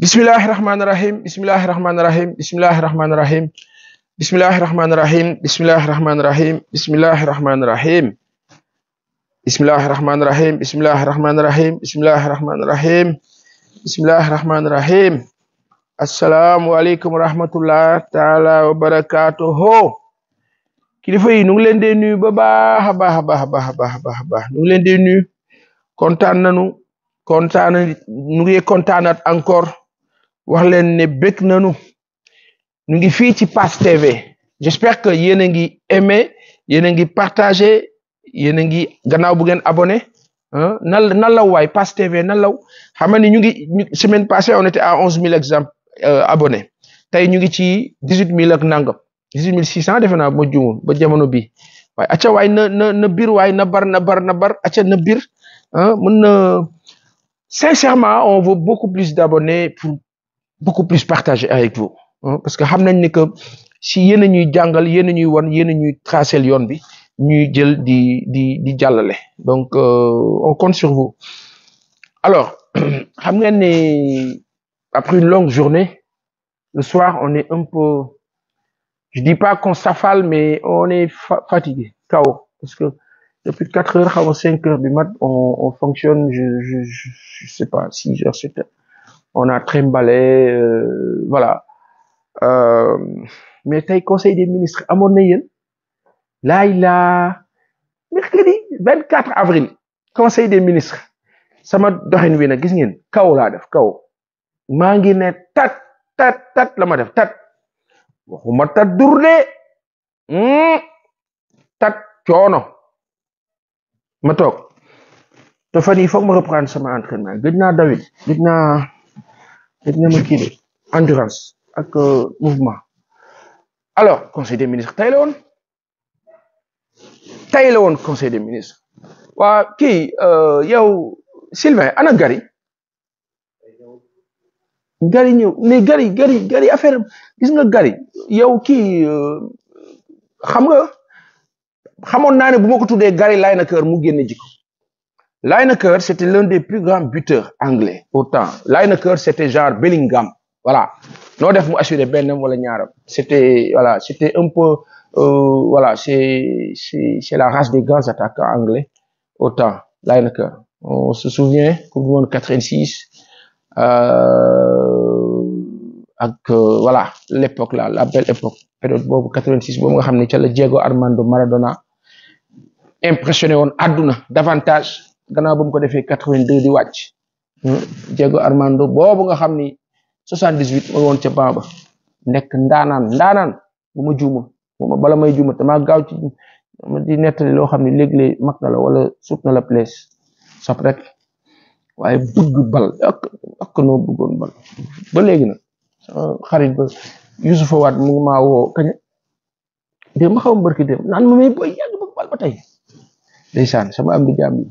Bismillahirrahmanirrahim. Bismillahirrahmanirrahim. Bismillahirrahmanirrahim. Bismillahirrahmanirrahim. Bismillahirrahmanirrahim. Bismillahirrahmanirrahim. Bismillahirrahmanirrahim. Bismillahirrahmanirrahim. Bismillahirrahmanirrahim. Bismillahirrahmanirrahim. Assalamualaikum warahmatullahi taala wabarakatuh. kilifa yi ñu ngi leen di nuyu ba baax a baax a baax a baax baax baax ñu ngi leen di nuyu kontane nañu kontane ñu ngi kontane encore wax len ne bek nañu ñu ngi fi ci Passe tv j'espère que vous avez aimé vous ngi partagé vous ngi gannaaw bu abonné hein nal nal tv la la semaine passée on était à 11 000 euh, abonnés tay ñu ngi ci 18000 ak nangam 600, defena mo jumul ba jamono bi way acca way na na bir way hein? na sincèrement on veut beaucoup plus d'abonnés pour beaucoup plus partagé avec vous hein, parce que xam n'est que si yéen a ñuy jàngal yéen a ñuy wan yéen a le tracel yoon bi ñuy a di di di jàllale donc euh, on compte sur vous alors xam après une longue journée le soir on est un peu je dis pas qu'on s'affale mais on est fatigué chaos, parce que depuis 4 heures avant cinq heures du mat on on fonctionne je je je sais pas six heures sept heures on a trimballé euh, voilà euh, mais le conseil des ministres à mon Là, il a mercredi 24 avril conseil des ministres sama m'a wi une gis kaw def kaw tat tat tat la ma def tat waxuma tat hmm, tat coono ma tok. reprendre sama entraînement David gëj def nga ma kii de ak euh, mouvement alors conseil des ministres tey la woon tey la woon conseil des ministres waa kii euh, yow Sylvain ana gari gari ñëw mais gari gari gari affaire gis nga gari yow kii euh, xam nga xamoon naa ne bu ma ko tuddee gari laay na kër mu génne jikko Lineker, c'était l'un des plus grands buteurs anglais autant. Lineker, c'était genre Bellingham. Voilà. Non, def assuré ben wala C'était voilà, c'était un peu euh, voilà, c'est c'est la race des grands attaquants anglais autant. Lineker. On se souvient Coupe du 86 euh, euh voilà, l'époque là, la belle époque, période bobu 86 nga xamné Diego Armando Maradona impressionné won aduna davantage gannaaw bu mu ko defee 82 di wàcc Diego Armando boobu nga xam ni 78 mooy woon ca baaba nekk ndaanaan ndaanaan bu ma juuma ma bala may juuma te gaaw ci di nettali loo xam ni léeg-léeg mag wala sut na la place sop rek waaye bëgg bal ak ak noo bëggoon bal ba léegi nag xarit ba yusufa Waat mu ngi maa woo kañ démb xaw barki naan ma may bëgg bal ba tey ndeysaan sama am di jàmm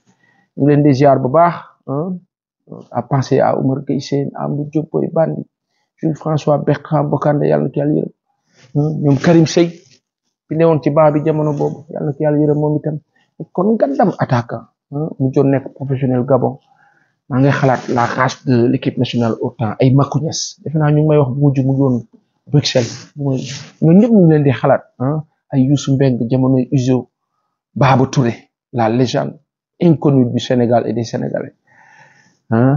ñu leen di ziar bu baax à penser à Oumar Gueye Sène Amadou Boy Bandi Jules François Bertrand Bocandé yàlla na ko yàlla yërëm ñoom Karim Sey bi newoon ci baax bi jamono boobu yàlla na ko yàlla yërëm moom itam kon gàndam attaquant mu joon nekk professionnel Gabon maa ngi xalaat la race de l' nationale au temps ay Makuñas defe naa ñu ngi may wax bu mujj mu doon Bruxelles ñoom ñëpp leen di xalaat a ay Youssou Mbengue jamono Uzo Babou Touré la légende inconnu du Sénégal et des Sénégalais ah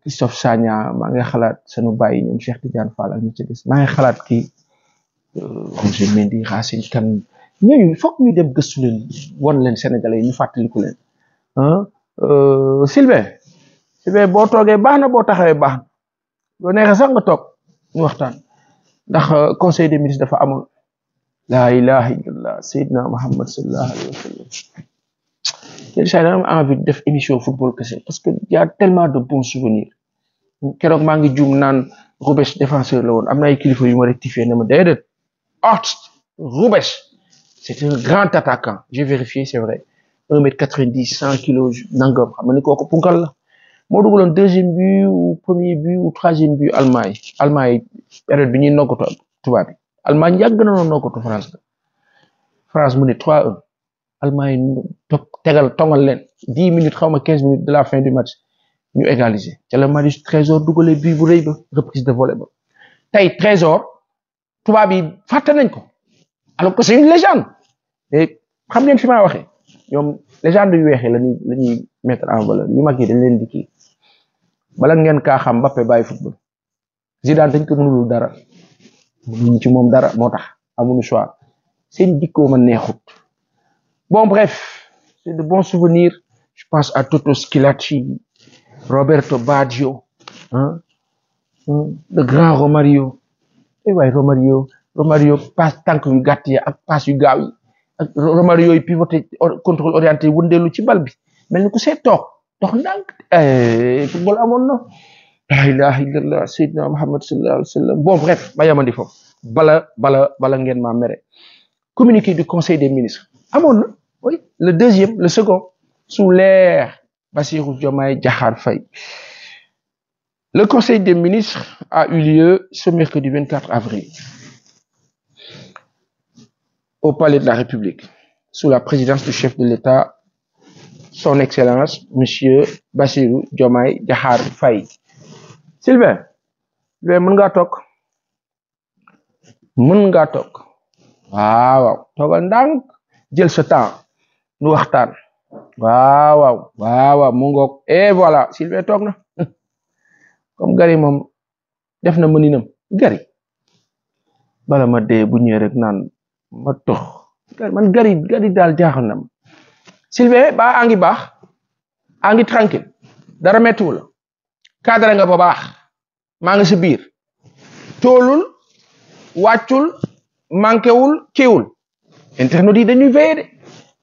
Christophe Sagna maa ngi xalaat sunu bàyyi ñoom Cheikh Tidiane Fall ak ñu ci des maa ngi xalaat kii euh, Roger Mendy Racine Kane ñooñu foog ñu dem gëstu won leen Sénégalais yi ñu fàttaliku leen ah Sylvain Sylvain boo toogee baax na boo taxawee baax na boo neexee sax nga toog ñu waxtaan ndax euh, conseil de ministres dafa amoon laa ilaha illallah sayyidina Muhammad sallallahu alayhi wa J'ai vraiment envie de une émission football c'est parce que y a tellement de bons souvenirs kérok maa ngi juum naan défenseur la won amna ay kilifa yu ma rectifié na ma c'est un grand attaquant j'ai vérifié c'est vrai 1m90, 100 kg kilos nangam xam nga ni kooku punkal la deuxième but ou premier but ou troisième but Allemagne Allemagne période bi ñi non contre bi Allemagne yag na non noggatu France France mu ne 3-1 Allemagne toog tegal tongal leen dix minutes xaw ma quinze minutes de la fin du match ñu égaliser ca la Marius Trésor dugale bii bu rëy ba reprise de volée ba tey Trésor tubaab yi fàtte nañ ko alors que c'est une légende mais xam ngeen fi maa waxee ñoom légende yu weexe lañuy la ñuy mettre en valeur yu mag yi dañ leen di bala ngeen kaa xam Mbappé bàyyi football Zidane dañ ko mënulul dara mënuñu ci moom dara moo tax amuñu choix seen dikkoo ma neexut Bon, bref, c'est de bons souvenirs. Je pense à Toto Schilacci, Roberto Baggio, hein, hein, le grand Romario. Et eh ouais, Romario, Romario passe tant que gâté, passe yu gaaw Romario est pivoté contrôle orienté wëndelu ci bal bi. Mel ni Donc non, Eh, football amoon na. La ilaha illallah, Sayyidina Muhammad sallallahu alayhi wa sallam. Bon, bref, ma yamandi foofu. Bala, bala, bala ngeen ma mere. Communiqué du conseil des ministres. Ah oui le deuxième le second sous l'air Bassirou Diomaye Diakhar Faye le conseil des ministres a eu lieu ce mercredi 24 avril au palais de la République sous la présidence du chef de l'État son excellence monsieur Bassirou Diomaye Diakhar Faye Sylvain le mën nga tok mën nga jël sa temps nu waxtaan waaw waaw waaw waaw mu ngoog et eh, voilà Sylvain toog na comme gari moom def na mëninam gari bala ma dee bu ñëw rek naan ma tox man gari gari daal jaaxal na Sylvain ba angi baax angi tranquille dara mettiwu la cadre nga ba baax maa ngi si biir toolul wàccul kiiwul internet yi dañuy veillé de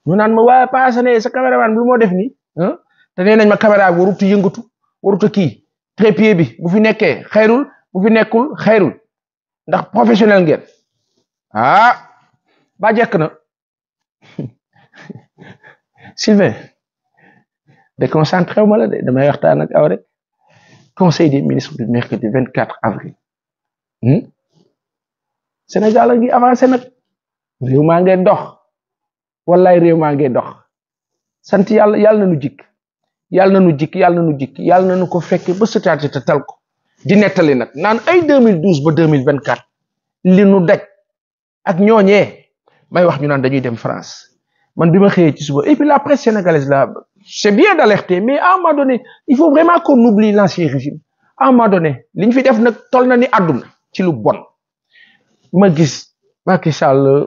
ñu naan ma waaye paase ne sa caméraman bi lu moo def nii te nee nañ ma caméra bi warut yëngatu warut a kii trépied bi bu fi nekkee xayrul bu fi nekkul xayrul ndax professionnel ngeen ah ba jekk na Sylvain déconcentré wu ma la de damay waxtaan ak aw rek conseil des ministres du mercredi vingt quatre avril hmm? Sénégal a ngi avancé nag. réew maa ngay dox wallaay réew maa ngay dox sant yàlla yàlla na nu jikk yàlla na nu jikk yàlla na nu yàlla na nu ko fekkee ba sëtaati te tal ko di nettali nag naan ay 2012 vingt 2024 li nu daj ak ñooñee may wax ñu naan dañuy dem France man bi ma xëyee ci suba et puis la presse sénégalaise là c'est bien d'alerter mais à un moment donné il faut vraiment qu'on oublie l'ancien régime à li ñu fi def nag tol na ni àdduna ci lu bon ma gis Macky Sall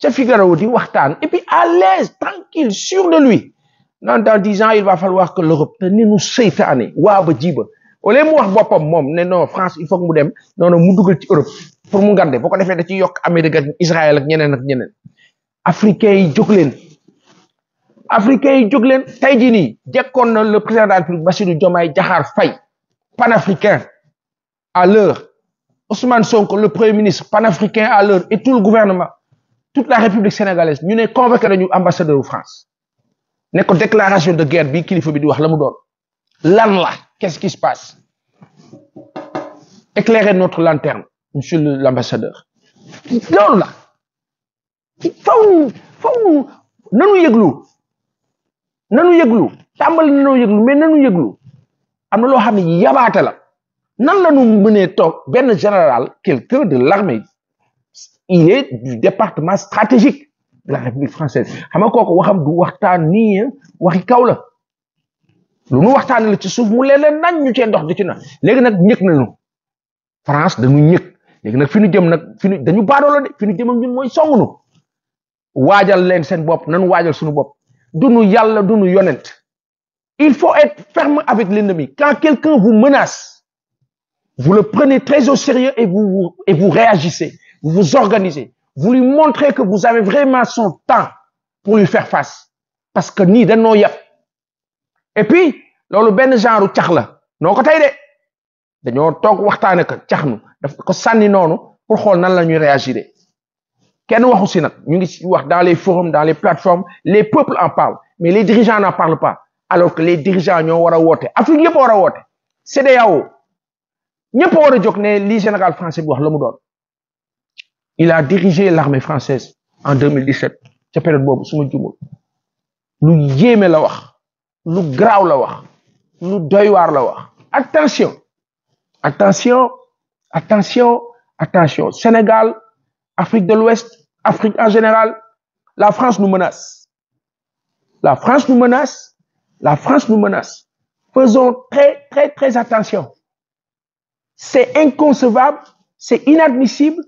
ca Figaro di waxtaan et puis à l'aise tranquille sûr de lui non dans dix ans il va falloir que l'Europe te ne nous seytaane waa ba jiba au lieu mu wax boppam moom ne non France il faut que mu dem non non mu dugal ci Europe pour mu garder pourquoi ko defee da ci Amérique Israël ak ñeneen ak ñeneen africains yi jóg leen africains yi jóg leen tey na le président de la République Bassirou Diomaye Diakhar Faye panafricain à l'heure Ousmane Sonko le premier ministre panafricain à l'heure et tout le gouvernement toute la république sénégalaise nous ne convoqué nañu ambassadeur de France Nous une déclaration de guerre bi kilifa bi di wax lan qu'est-ce qui se passe éclairez notre lanterne monsieur l'ambassadeur non la non nous non qui non nous yéglou, mais non nous yéglou. na non la nan la ñu ben général quelqu'un de l'armée il est du département stratégique de la République française xam nga waxam du waxtaan nii hein, waxi kaw la lu nu waxtaanee la ci suuf mu leen nañ ñu cee ndox di ci na léegi nag ñëg nañu France dañu ñëg léegi nag fi ñu jëm nag fi ñu dañu baadoo la de fi ñu jëm ak ñun mooy songunu waajal leen seen bopp nanu wajal suñu bopp duñu yàlla duñu yonent il faut être ferme avec l'ennemi quand quelqu'un vous menace vous le prenez très au sérieux et vous et vous réagissez vous vous organisez, vous lui montrez que vous avez vraiment son temps pour lui faire face parce que ni y a. et puis le ben genre cax la Non, nous de tok nous avons dit ko pour nan la réagir Nous nous ñu ngi dans les forums dans les plateformes les peuples en parlent mais les dirigeants n'en parlent pas alors que les dirigeants ñoo wara a Afrique nous wara a Nous avons wara ne français bi wax la il a dirigé l'armée française en 2017 Nous période la wax la attention attention attention attention Sénégal Afrique de l'Ouest Afrique en général la France nous menace la France nous menace la France nous menace faisons très très très attention c'est inconcevable c'est inadmissible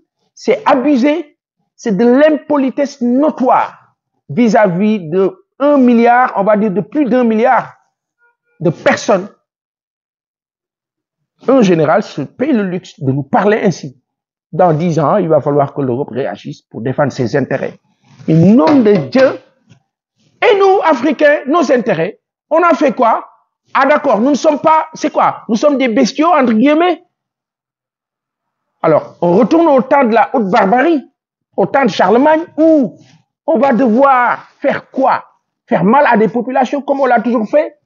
c'est abusé, c'est de l'impolitesse notoire vis-à-vis de un milliard, on va dire de plus d'un milliard de personnes. Un général se paye le luxe de nous parler ainsi. Dans dix ans, il va falloir que l'Europe réagisse pour défendre ses intérêts. Et nom de Dieu, et nous, Africains, nos intérêts, on a fait quoi Ah d'accord, nous ne sommes pas, c'est quoi Nous sommes des bestiaux, entre guillemets alors, on retourne au temps de la haute barbarie, au temps de Charlemagne, où on va devoir faire quoi Faire mal à des populations comme on l'a toujours fait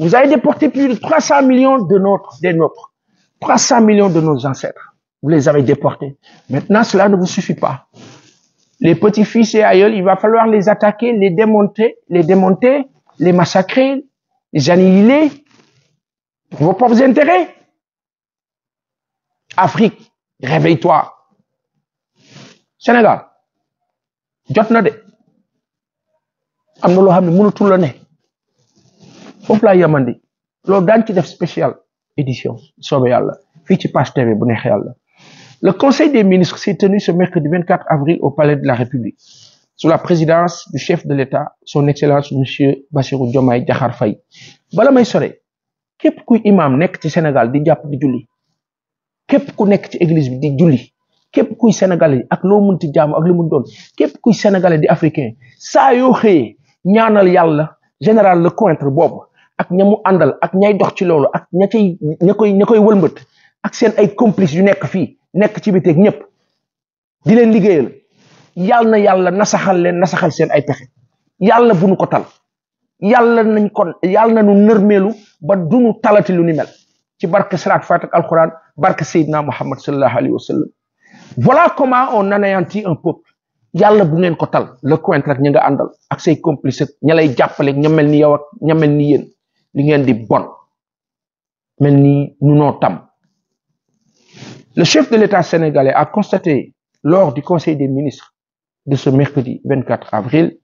Vous avez déporté plus de 300 millions de nôtres, des nôtres. 300 millions de nos ancêtres. Vous les avez déportés. Maintenant, cela ne vous suffit pas. Les petits-fils et aïeuls, il va falloir les attaquer, les démonter, les démonter, les massacrer, les annihiler pour vos propres intérêts. Afrique, réveille-toi Sénégal Jotna na de am na loo xam la né. yamandi Lo def spécial édition soobee Yalla. pasteur, ci page TV le conseil des ministres s'est tenu ce mercredi 24 avril au palais de la République sous la présidence du chef de l'État son excellence monsieur Bassirou Diomaye Diakhar Faye bala may soré. képp kuy imam nek ci Sénégal di japp di képp ku nekk ci église bi di julli képp kuy sénégalais ak loo munti jaamu ak li mu doon képp kuy sénégalais di africain saa yoo xëyee ñaanal yàlla général Lecointre boobu ak ñamu mu àndal ak ñay dox ci loolu ak ña cay ña koy ña wëlmbët ak seen ay complices yu nekk fii nekk ci biteeg ñëpp di leen liggéeyal yàlla na yàlla nasaxal leen nasaxal seen ay pexe yàlla bu nu ko tal yàlla nañ kon yàlla na nu nërmeelu ba du nu talati lu ni mel ci barke saraat faat ak alxuraan. barka Seydina Muhammad sallallahu alayhi wa sallam voilà comment on anéantit un peuple yalla bu ngeen ko tal le coin ak ñinga andal ak say complice ñalay jappalé jàppale ña yow ak ña mel ni li ngeen di bon melni ni ñu tam le chef de l'État sénégalais a constaté lors du Conseil des ministres de ce mercredi 24 avril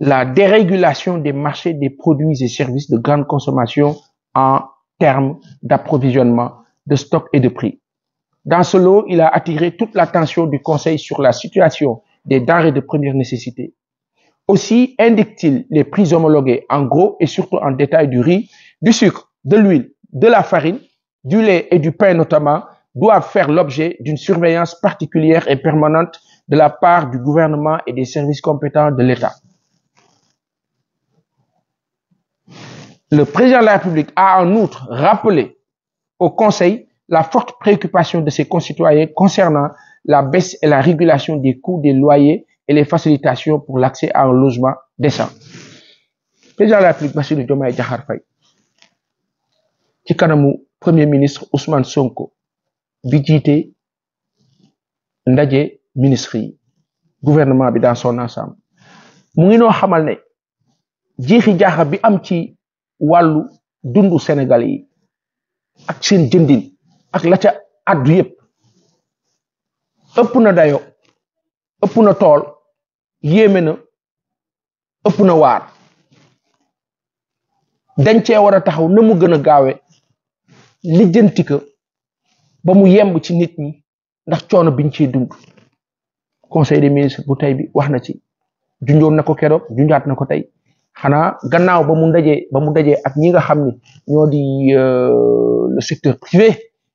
la dérégulation des marchés des produits et services de grande consommation en termes d'approvisionnement de stock et de prix. Dans ce lot, il a attiré toute l'attention du Conseil sur la situation des denrées de première nécessité. Aussi indique-t-il les prix homologués en gros et surtout en détail du riz, du sucre, de l'huile, de la farine, du lait et du pain notamment, doivent faire l'objet d'une surveillance particulière et permanente de la part du gouvernement et des services compétents de l'État. Le président de la République a en outre rappelé au Conseil la forte préoccupation de ses concitoyens concernant la baisse et la régulation des coûts des loyers et les facilitations pour l'accès à un logement décent. Président de la République le Diomaye Djahar Faye ci premier ministre Ousmane Sonko Bidjité, jiite ndaje ministre gouvernement bi dans son ensemble mu Hamalne, xamal bi am ci dundu Sénégalais, ak seen jëndin ak la ca addu yépp ëpp na dayo ëpp na tool yéeme na ëpp na waar dañ cee war a taxaw na mu gën a gaawe lijjanti ko ba mu yemb ci nit ñi ndax coono biñ cee dund conseil des ministres bu tey bi wax na ci junjoon na ko keroog junjaat na ko tey xanaa gannaaw ba mu ndaje ba mu ndaje ak ñi nga xamni ñoo di euh, le secteur privé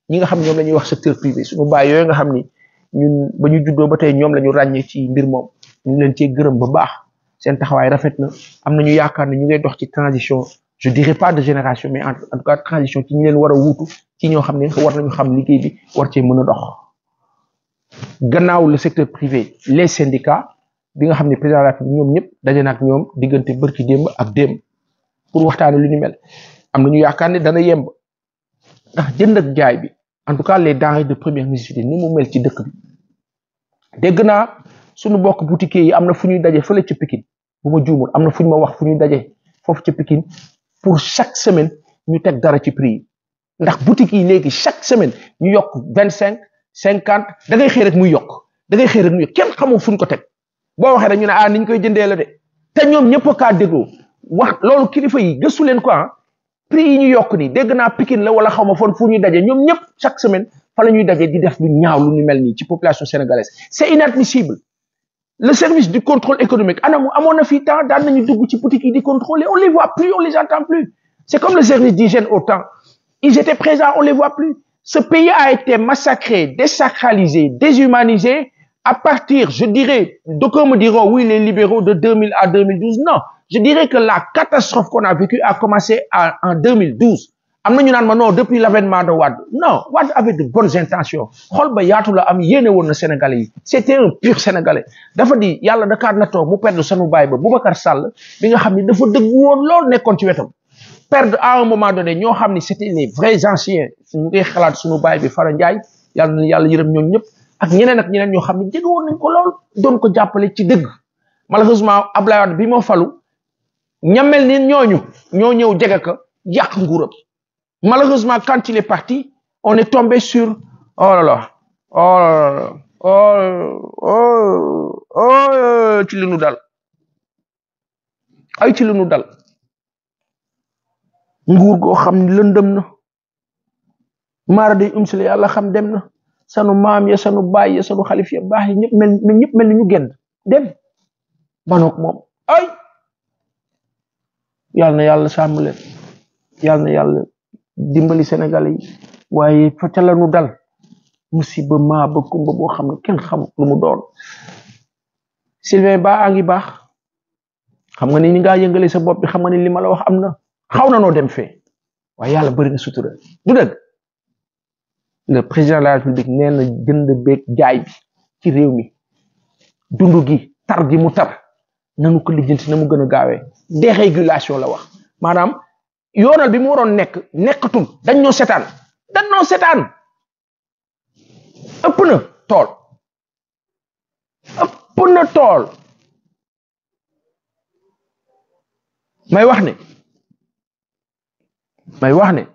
ñi nga xam ñoom lañuy wax secteur privé suñu baay yooyu nga xam ni ñun ba ñu juddoo ba tey ñoom lañu ñu ci mbir moom ñu leen cee gërëm ba baax seen taxawaay rafet na am nañu yaakaar ne ñu ngay dox ci transition je dirais pas de génération mais en tout cas transition ci ñi leen war a wuutu ci ñoo xam ne war nañu xam liggéey bi war cee mën a dox gannaaw le secteur privé les syndicats bi nga xam ne président de ñoom ñëpp daje na ak ñoom diggante bërki démb ak démb pour waxtaane lu ñu mel am nañu yaakaar ne dana yemb ndax jënd jaay bi en tout cas les denrées de première nécessité ni mu mel ci dëkk naa suñu bokk boutique yi am na fu ñuy daje fële ca Pikine bu ma am na fu ñu ma wax fu ñuy daje foofu ca pour chaque semaine ñu teg dara ci prix yi ndax boutique yi léegi chaque semaine ñu yokk vingt cinq cinquante da ngay xëy rek muy yokk da ngay xëy rek xamoo fu ñu ko teg bo waxee dañu ñu ne ah niñ koy jëndee la de te ñoom ñëpp kaa déggoo wax loolu kilifa yi gëstu leen quoi prix yi ñu yokk ni dégg naa Pikine la wala xaw ma fon fu ñuy daje ñoom ñëpp chaque semaine fa la ñuy daje di def lu ñaaw lu ñu mel nii ci population sénégalaise c'est inadmissible le service du contrôle économique anamu amoon na fii temps daan nañu dugg ci boutique yi di contrôler on les voit plus on les entend plus c'est comme le service d'hygiène au temps ils étaient présents on les voit plus ce pays a été massacré désacralisé déshumanisé à partir, je dirais, d'aucuns me diront, oui, les libéraux de 2000 à 2012. Non, je dirais que la catastrophe qu'on a vécue a commencé en 2012. depuis l'avènement de Wad. Non, Wad avait de bonnes intentions. Sénégalais, C'était un pur Sénégalais. Dafa di yalla da kar nato mu perdre sonu baye ba Boubacar Sall bi nga xamni dafa deug won lol nekkon ci wétam. Perdre à un moment donné ño xamni c'était les vrais anciens. Ñu ngi xalat sunu baye bi Fara Ndiaye, yalla yalla yërem ñep ak ñeneen ak ñeneen ñoo xam ne jege woon nañ ko lool doon ko jàppale ci dëgg malheureusement Ablaye Wade bi moo falu ñamel ni ñooñu ñoo ñëw jege ko yàq nguuram malheureusement quand il est parti on est tombé sur oh là là oh là là oh oh oh, oh ci li nu dal ay ci li nu dal nguur goo xam ne lëndëm na maara day umsile yàlla xam dem na sanu maam ya sanu bay ya sanu khalif ya bah ñep mel ñep mel ñu genn dem banok mom ay yalla yalla ya leen yalla yalla dimbali sénégalais waye fa ca lañu dal musiba ma ba kumba bo xamne ken xam lu mu doon sylvain ba angi bax xam nga ni nga yëngalé sa bop bi xam nga ni lima la wax amna xawna no dem fe waye yalla bari na sutura du deug le président la république nee na jënd jaay bi ci réew mi dund gi tar gi mu tar nanu ko lijjanti na mu gën a gaawee dérégulation la wax maanaam yoonal bi mu waroon nekk nekkatul dañ ñoo setaan dañ ñoo setaan ëpp na tool ëpp na tool may wax ne may wax ne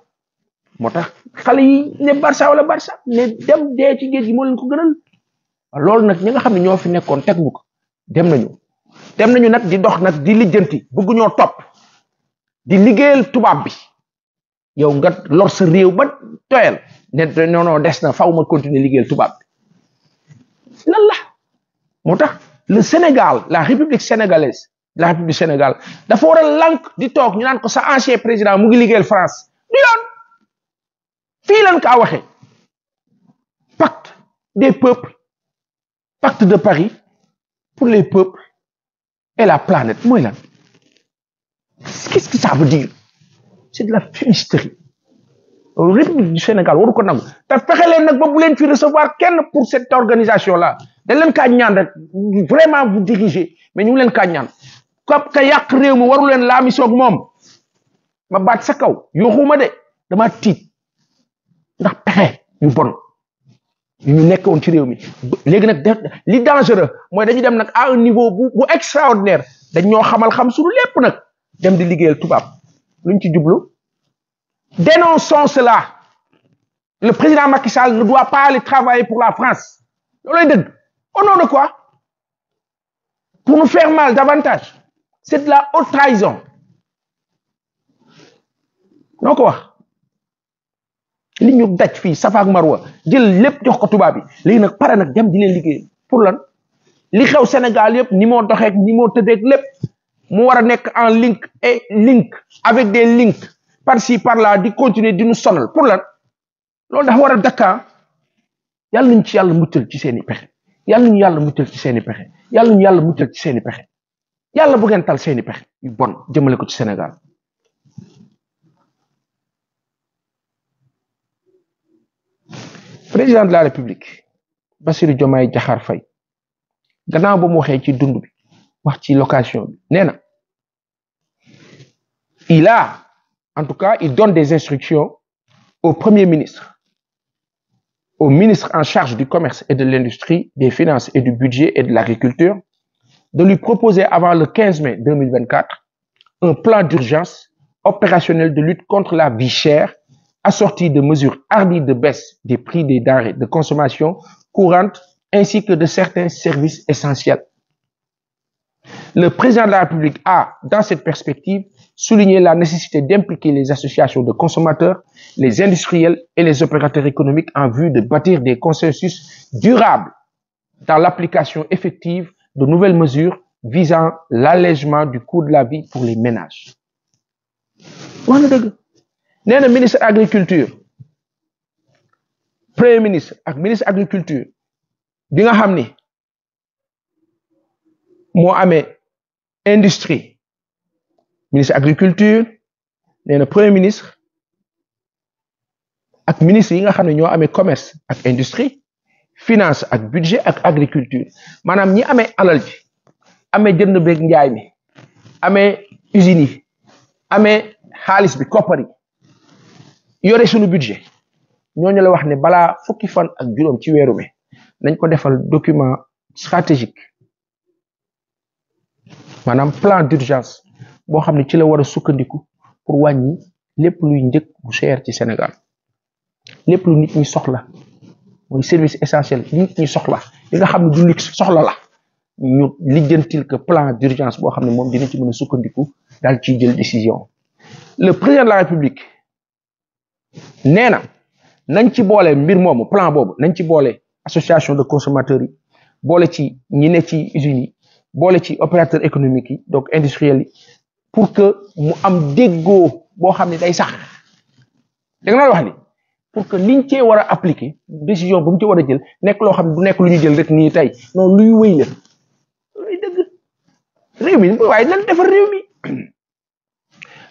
motax tax yi ne Barça wala Barça ne dem de ci geej gi mo leen ko gënal lool nak ñinga xamni ñoo fi nekkon tek bu ko dem nañu dem nañu nak di dox nak di lijeenti bëgg ñoo top di liggéeyal tubaab bi yow nga lor sa réew ba doyal ne non non des na faaw ma continuer liggéeyal tubaab bi lan la motax le Sénégal la République sénégalaise la République Senegal, Sénégal dafa war lank di toog ñu naan ko sa ancien président mu ngi liggéeyal France du yoon fii ka waxe pacte des peuples pacte de Paris pour les peuples et la planète moi lan qu'est-ce que ça veut dire c'est de la fumisterie république du Sénégal on ko T'as fait les nègres, ne ba bu recevoir kenn pour cette organisation là dañ leen kaa ñaan vraiment vous diriger. mais ñu l'en leen kaa ñaan kap ka yàq on voit waru leen la mission ak pas ma baat sa kaw yooxuma de dama tiit ndax pexe yu bon ñu nekkoon ci réew mi léegi nag li dangereux mooy dañu dem nag à un niveau bu bu extraordinaire dañ ñoo xamal xam suñu lépp nag dem di liggéeyal tubaab luñ ci jublu dénonçons cela le président Macky Sall ne doit pas aller travailler pour la France loolooy dëgg au nom de quoi pour nous faire mal davantage c'est de la haute trahison noo ko li ñu daj fii Safa ak Marwa jël lépp jox ko tubaab bi léegi nag pare nag dem di leen liggéey pour lan li xew Sénégal yëpp ni moo doxeek ni moo lépp mu war a nekk en link link avec des links par ci par là di continuer dinu nu sonal pour lan loolu dafa war a dakka yàlla nañ ci yàlla muccal ci seen i pexe yàlla nañu yàlla muccal ci seen i pexe yàlla nañu yàlla muccal ci seen i pexe yàlla bu ngeen tal seen i pexe yu bon jëmale ko ci Sénégal président de la république Diomaye Diakhar Fay, il a en tout cas il donne des instructions au premier ministre au ministre en charge du commerce et de l'industrie des finances et du budget et de l'agriculture de lui proposer avant le 15 mai 2024 un plan d'urgence opérationnel de lutte contre la bichère assorti de mesures hardies de baisse des prix des denrées de consommation courante ainsi que de certains services essentiels. Le président de la République a, dans cette perspective, souligné la nécessité d'impliquer les associations de consommateurs, les industriels et les opérateurs économiques en vue de bâtir des consensus durables dans l'application effective de nouvelles mesures visant l'allègement du coût de la vie pour les ménages nee ministre agriculture premier ministre ak ministre agriculture bi nga xam ni moo industrie ministre agriculture nee na premier ministre ak ministre yi nga xam ne ñoo commerce ak industrie finance ak budget ak agriculture maanaam ñi amee alal bi amee jënd beeg njaay mi amee usines yi sur suñu budget ñooñu la wax fukki fan ak ci document stratégique plan d'urgence Pour xamni ci la pour Sénégal lu nit soxla service essentiel nit soxla li du luxe soxla la ñu que plan d'urgence dina ci sukkandiku le président de la République nee na nañ ci boole mbir moomu plan boobu nañ ci boole association de consommateurs yi boole ci ñi ne ci usines yi boole ci opérateur économique yi donc industriels yi pour que mu am déggoo boo xam ne day sax da nga wax ni pour que niñ cee war a appliquer décision bu mu ci war a jël nekk loo xam ne du nekk lu ñu jël rek nii tey non luy wéy la luy dëgg réew mi waaye nan defar réew mi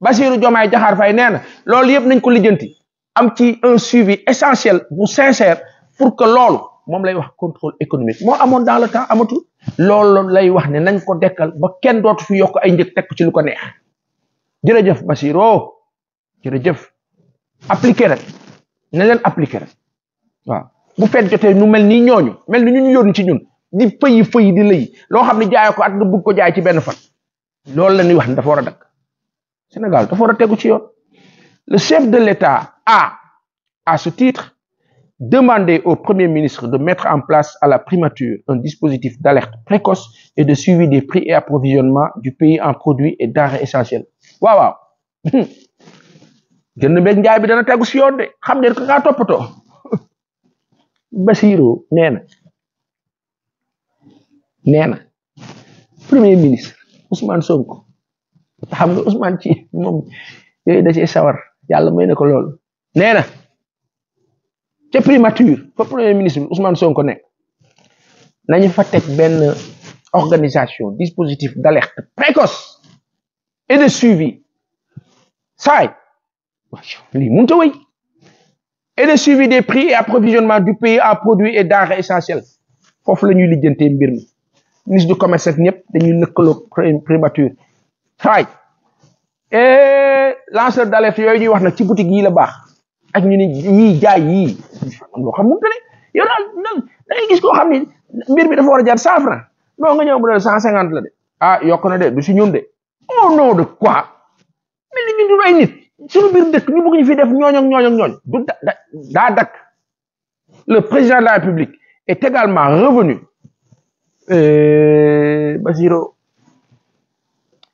Bassirou Diomaye Diakhar Faye nee na loolu yëpp nañ ko lijjanti am ci un suivi essentiel bu sincère pour que loolu moom lay wax contrôle économique moo amoon dans le temps amatul loolu lay wax ne nañ ko dekkal ba kenn dootu fi yokk ay njëg teg ci lu ko neex jërëjëf Bassirou jërëjëf appliqué rek na leen appliqué rek waaw bu fet jotee ñu mel nii ñooñu mel ni ñu ñu yónni ci ñun di fëyi fëyi di lëyi loo xam ne jaayoo ko ak nga bugg ko jaay ci benn fan loolu la ñuy wax ne dafa war a dakk Sénégal le chef de l'État a à ce titre demandé au Premier ministre de mettre en place à la primature un dispositif d'alerte précoce et de suivi des prix et approvisionnement du pays en produits et denrées essentielles waouh je ne beeg bi dana la si de xam ngeen ko kaa Basirou merci na Premier ministre Ousmane Sonko te xam nga Ousmane ci moom yooyu da cee sawar yàlla may na ko lool nee na ca primature fa premier ministre bi Ousmane Sonko nekk nañu fa teg benn organisation dispositif d'alerte précoce et de suivi saay lii mënut a et de suivi des prix et approvisionnement du pays en produits et denrées essentielles foofu la ñuy lijjantee mbir mi ministre du commerce ak ñëpp dañuy lëkkaloo primature xaaj eh, lanceur d'alerte yooyu ñuy wax nag ci boutique yii la baax ak ñu ni yii jaay yii loo xam mënta xam ni mbir mi dafa war a jar cent franc non nga ñëw mu ne cent cinquante la de ah yokk de du si ñun de au nom de quoi mel ni ñu du ay nit suñu biir dëkk ñu bëgg ñu fi def ñooñ ak da dakk le président de la république est également revenu euh, Basiro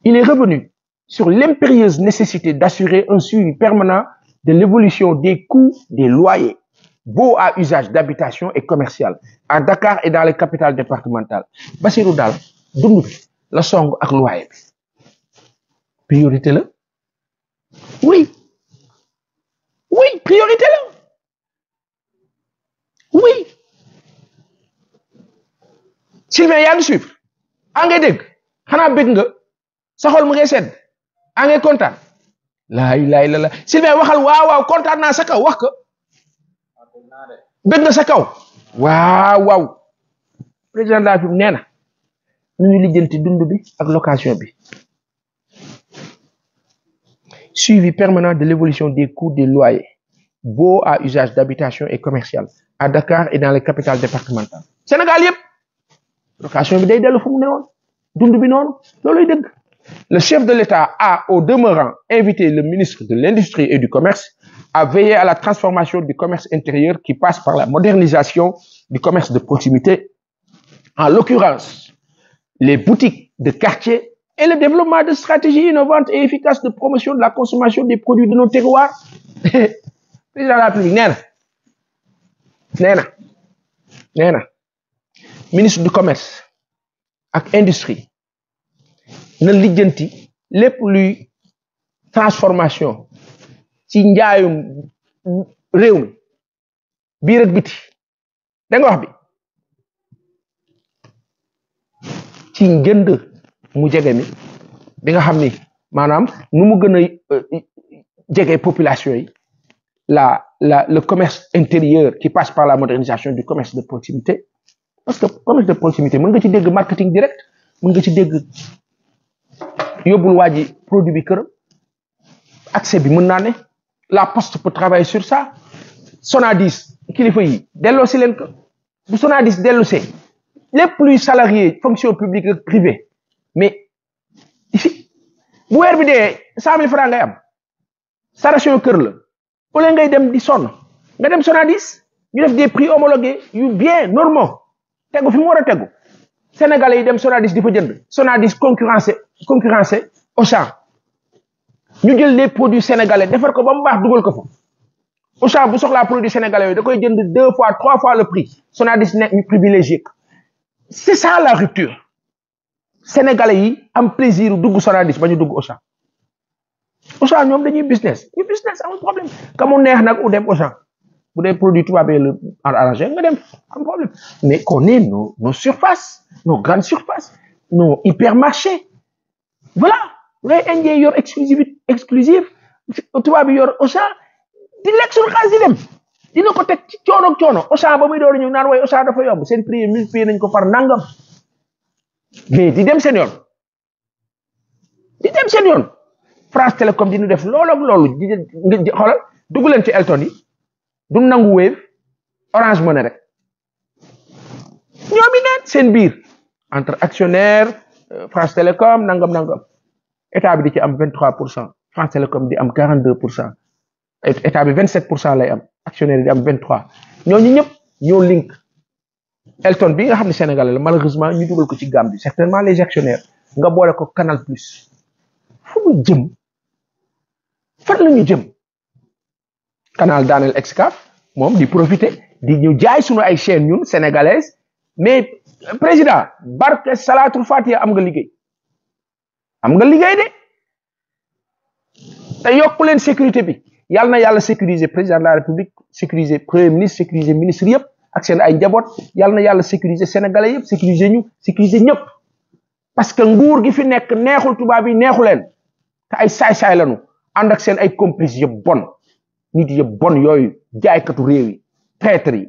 Il est revenu sur l'impérieuse nécessité d'assurer un suivi permanent de l'évolution des coûts des loyers, beaux à usage d'habitation et commercial, à Dakar et dans les capitales départementales. Bassirou Dal, la song à loyer Priorité là Oui. Oui, priorité là Oui. Sylvain, Yann sa xol mu ngay sedd a ngay kontaan laa ilaaha illallaah waxal waaw waaw kontaan naa sa kaw wax ko bëgg nga sa kaw waaw waaw président daa fi nee na nu ñu lijjanti dund ak location suivi permanent de l'évolution des coûts des loyers baux à usage d'habitation et commercial à Dakar et dans les capitales départementales Sénégal yëpp location day dellu fu mu ne woon dund bi noonu looluy dëgg Le chef de l'État a, au demeurant, invité le ministre de l'Industrie et du Commerce à veiller à la transformation du commerce intérieur qui passe par la modernisation du commerce de proximité, en l'occurrence les boutiques de quartier et le développement de stratégies innovantes et efficaces de promotion de la consommation des produits de nos terroirs. Président de la République, Nena. Ministre du Commerce et Industrie na lijjanti lepp luy transformation ci njaayum réew mi biir ak biti da nga wax bi ci njënd mu jege mi bi nga xam ni nu mu gën a euh, population yi la la le commerce intérieur qui passe par la modernisation du commerce de proximité parce que commerce de proximité mën nga ci dégg marketing direct mën nga ci yobul waji produit bi accès bi la poste pour travailler sur ça Sonadis kilifa yi delloo si ko bu Sonadis fonction publique privée mais ici vous bi dé francs ngay am ngay dem di dem Sonadis des prix homologués bien normaux tango fi mo a sénégalais yi dem Sonadis di fa jënd Sonadis concurrencer Auchan nous avons les produits sénégalais defar ko ba mu baax dugal au fa vous bu la produit sénégalais Vous da koy deux fois trois fois le prix Sonadis nekk ñu privilégié c'est ça la rupture sénégalais yi am plaisir dugg Sonadis ba au dugg Auchan Auchan ñoom dañuy business ñu business un problème Comme on est, nag u dem Auchan vous avez produit tubaab yi la arrangé nga un problème mais qu'on ait nos nos surfaces nos grandes surfaces nos hypermarchés voilà ngay indien yor exclusive exclusive tubaab bi yor Ocha di lekk suñu xaalis di dem dina ko teg coono coono Ocha ba muy door ñu naan waaye Ocha dafa yomb seen prix multiplié nañ ko par nangam mais di dem seen yoon di dem seen yoon France Télécom di def loolu ak loolu di xoolal dugg leen ci Elton yi du nangu Wave Orange Money rek ñoom seen biir entre actionnaire. France Télécom nangam nangam état bi di ci am vingt trois pour cent France Télécom di am quarante deux pour cent état bi vingt sept pour cent lay am actionnaire di am vingt trois ñooñu ñëpp ñoo link Elton bi nga xam ne Sénégalais la malheureusement ñu dugal ko ci Gambie certainement les actionnaires nga boole ko Canal Plus fu mu jëm fan la ñu jëm Canal daaneel Excaf moom di profiter di ñu jaay suma ay chaînes ñun sénégalaises président barke salaatul faati am nga liggéey am nga liggéey de te yokku leen sécurité bi yàlla na yàlla sécuriser président de la république sécuriser premier ministre sécuriser ministre yëpp ak seen ay njaboot yàlla na yàlla sécuriser sénégalais yëpp sécuriser ñu sécuriser ñëpp parce que nguur gi fi nekk neexul tubaab yi neexu leen ay saay-saay lañu ànd ak seen ay complices yëpp bon nit yëpp bon yooyu jaaykatu réew yi yi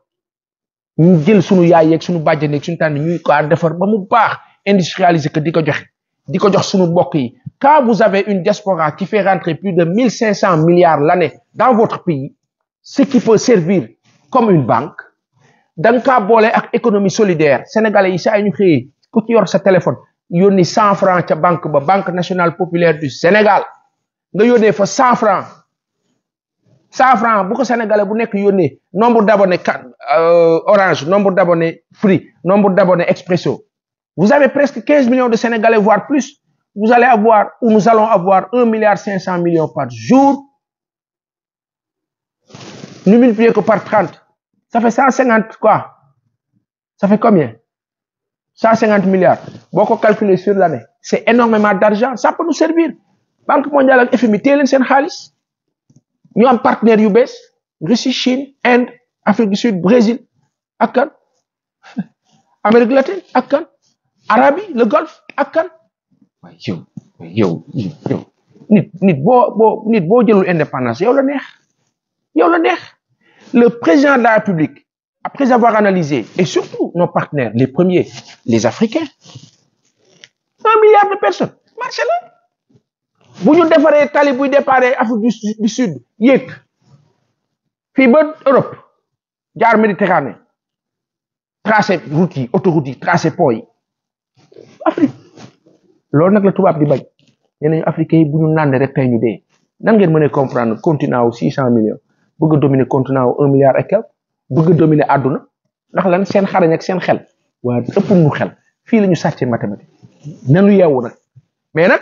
Nous jël suñu yaay yeeg sunu bàjjen sunu tànn ñuy ko defar ba mu baax industrialiser que di ko joxe di ko jox sunu mbokk quand vous avez une diaspora qui fait rentrer plus de 1500 milliards l'année dans votre pays ce qui peut servir comme une banque da nga kaa boole ak économie solidaire sénégalais yi saa ñu xëyee ku ci yor sa téléphone yónni 100 100 francs banque ba banque nationale populaire du Sénégal nga yónnee fa 100 francs. 100 francs, beaucoup de sénégalais bu nek yone nombre d'abonnés euh, orange nombre d'abonnés free nombre d'abonnés expresso vous avez presque 15 millions de sénégalais voire plus vous allez avoir ou nous allons avoir un milliard millions par jour ne multipliez que par 30. ça fait 150 quoi ça fait combien 150 milliards Beaucoup calculer sur l'année c'est énormément d'argent ça peut nous servir banque mondiale FMI nous avons partenaire UBS, Russie Chine Inde Afrique du Sud Brésil ak Amérique latine ak Arabie le Golfe ak kan yow yow yow jëlul indépendance yow la la le président de la République après avoir analysé et surtout nos partenaires les premiers les Africains un milliard de personnes marché buñu défaré tali buy déparé afrique du sud yéeg fi ba europe jaar méditerranée tracé route yi autoroute yi tracé pont yi afrique loolu nag la tubaab di bañ ñene nañu africain yi buñu nande rek tay ñu dee nan ngeen mëne comprendre continent wu six millions bëgg dominer continent wu un milliard et quelque bëgg dominer aduna ndax lan seen xarañ ak seen xel waa ëpp ñu xel fii la ñu sàccee mathématique nanu yeewu nag mais nag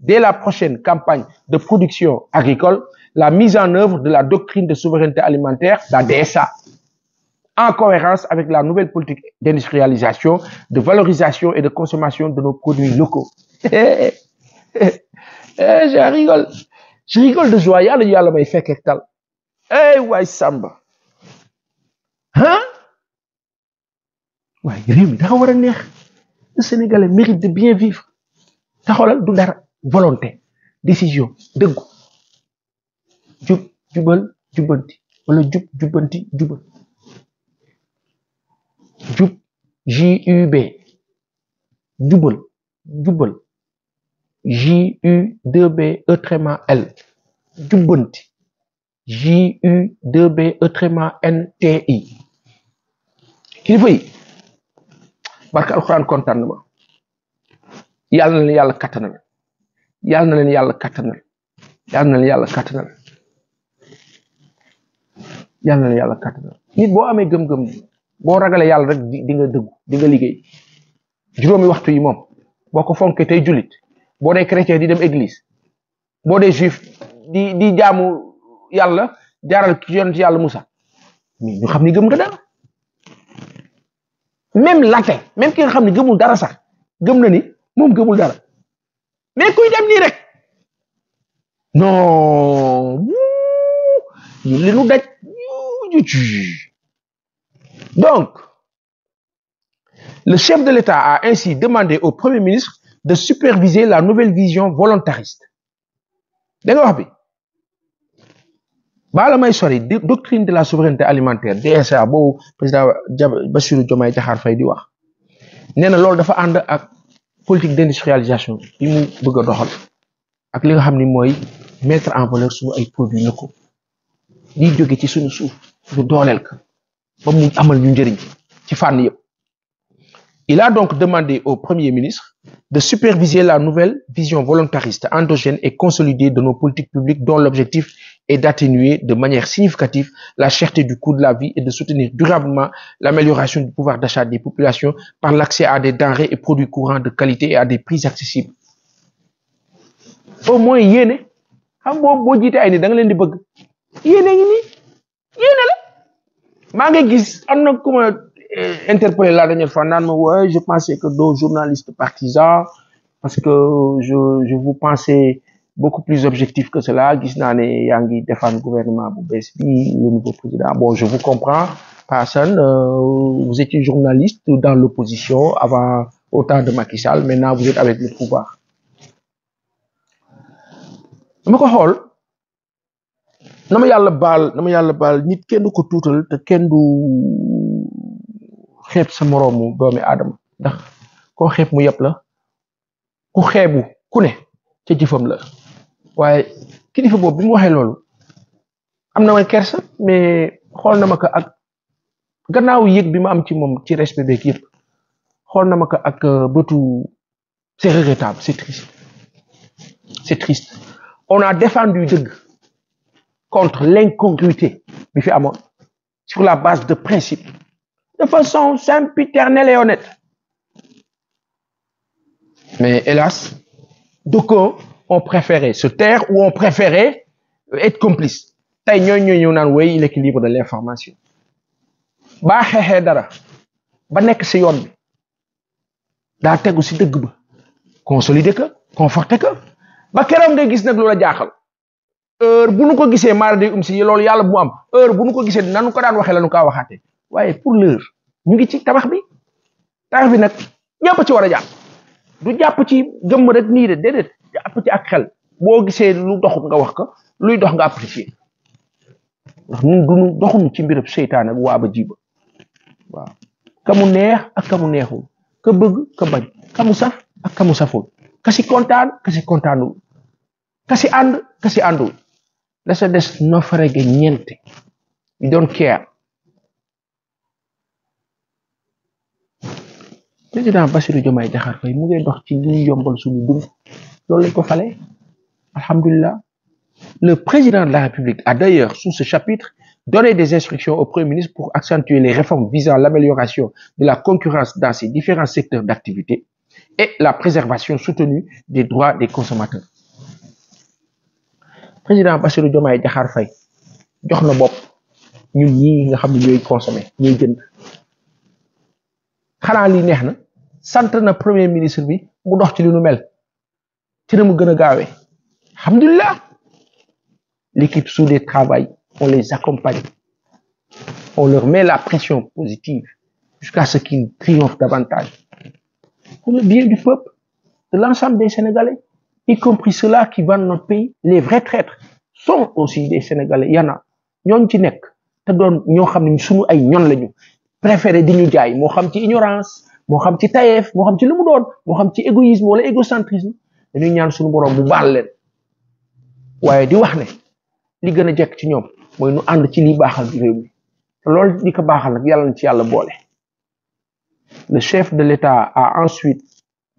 dès la prochaine campagne de production agricole la mise en œuvre de la doctrine de souveraineté alimentaire, la DSA, en cohérence avec la nouvelle politique d'industrialisation, de valorisation et de consommation de nos produits locaux. Eh, je rigole. Je rigole de joie. le yalla may fait tal. Eh samba. Hein? Ouais, Le Sénégalais mérite de bien vivre volonté décision dëggu jub jubal jubbanti wala jub jubbanti jubal jub jub jubal jubal u d b e tréma l j u d b e tréma n t i kilifa yi barka alxuraan kontaan na ma yàlla na yàlla kattanal yàlla na leen yàlla kattanal yàlla na leen yàlla kattanal yàlla na yàlla nit boo amee gëm-gëm boo ragalee yàlla rek dinga dëggu di liggéey juróomi waxtu yi moom boo ko fonkee tey jullit boo dee chrétien di dem église boo dee juif di di jaamu yàlla jaaral ci yonent yàlla Musa mais xam ni gëm nga dara même latin même ki nga xam ne gëmul dara sax gëm na ni moom gëmul dara. mais kuy dem rek non donc le chef de l'État a ainsi demandé au Premier ministre de superviser la nouvelle vision volontariste da wax la doctrine de la souveraineté alimentaire DSA président Bassirou Diomaye le Fay di wax politique d'industrialisation bi mu bëgg a doxal ak li nga xam ni mettre en valeur suñu ay produits locaux liy jóge ci suñu suuf du dooleel ka ba mu amal ñu njëriñ ci fànn yëpp il a donc demandé au premier ministre de superviser la nouvelle vision volontariste endogène et consolidée de nos politiques publiques dont l'objectif et d'atténuer de manière significative la cherté du coût de la vie et de soutenir durablement l'amélioration du pouvoir d'achat des populations par l'accès à des denrées et produits courants de qualité et à des prix accessibles. au moins ay ni da nga di bëgg a la eh, interpellé la dernière fois je pensais que deux journalistes partisans, parce que je je vous pensais beaucoup plus objectif que cela gis Yangi défend le gouvernement bu le nouveau président bon je vous comprends personne euh, vous étiez journaliste dans l'opposition avant au temps de Macky Sall maintenant vous êtes avec le pouvoir dama ko xool na bal, yàlla baal bal. nit kenn ko tuutal te kenn du xeeb sa moroomu doomi adam ndax ko xeeb mu yëpp la ku xeebu ku ne ci la waaye kilifa faut bi mu waxee loolu am na ma kersa mais xool na ma ko ak gannaaw yëg bi ma am ci moom ci respect beeg yëpp xool na ma ko ak euh, bëtu c'est regrettable c'est triste c'est triste on a défendu dëgg contre l'incongruité bi fi amoon sur la base de principes de façon simple éternelle et honnête mais hélas quoi on préférait se taire ou on préférait être complice. tey ñooy ñooy ñëw naan wéy l'équilibre de l'information baa xeexee dara ba nek si yoon bi daa tegu si dëgg ba consolider que conforter que ba keroog ngay gis nag loola jaaxal heure bu nu ko gisee maaradi um si loolu yalla bu am heure bu nu ko gisee nanu ko daan waxee lanu ka waxaatee waaye pour l'heure ñu ngi ci tabax bi tabax bi nak ñëpp ci wara a du jàpp ci gëm rek nii de déedéet app ci ak xel bo gisé lu doxut nga wax ko luy dox nga apprécier ndax ñun duñu doxum ci mbirub sheytaan ak waaba jiba waaw kamu neex ak kamu neexul ka bëgg ka bañ kamu saf ak kamu saful kasi kontaan kasi kontaanul kasi ànd kasi andu la sa dess no des ge ñente you don't care président basirou diomaye jaxar fay mu ngi dox ci ñu yombal suñu dund le président de la République a d'ailleurs sous ce chapitre donné des instructions au Premier ministre pour accentuer les réformes visant l'amélioration de la concurrence dans ces différents secteurs d'activité et la préservation soutenue des droits des consommateurs président Bassirou Diomaye ñun nga consommer jënd sant premier ministre tire na gawé gën l'équipe sous les travail on les accompagne on leur met la pression positive jusqu'à ce qu'ils triomphent davantage pour le bien du peuple de l'ensemble des Sénégalais y compris ceux-là qui vendent notre pays les vrais traîtres sont aussi des Sénégalais y en a ñooñu ci nek te doon ño xamni suñu ay ñon lañu préféré diñu jaay mo xam ci ignorance mo xam ci tayeef mo xam ci limu doon mo xam ci égoïsme wala égocentrisme dañuy ñaan suñu borom bu bal leen waaye di wax ne li gën a jekk ci ñoom mooy nu ànd ci li baaxal bi réew mi te loolu di ko baaxal nag yàlla na ci yàlla boole le chef de l'État a ensuite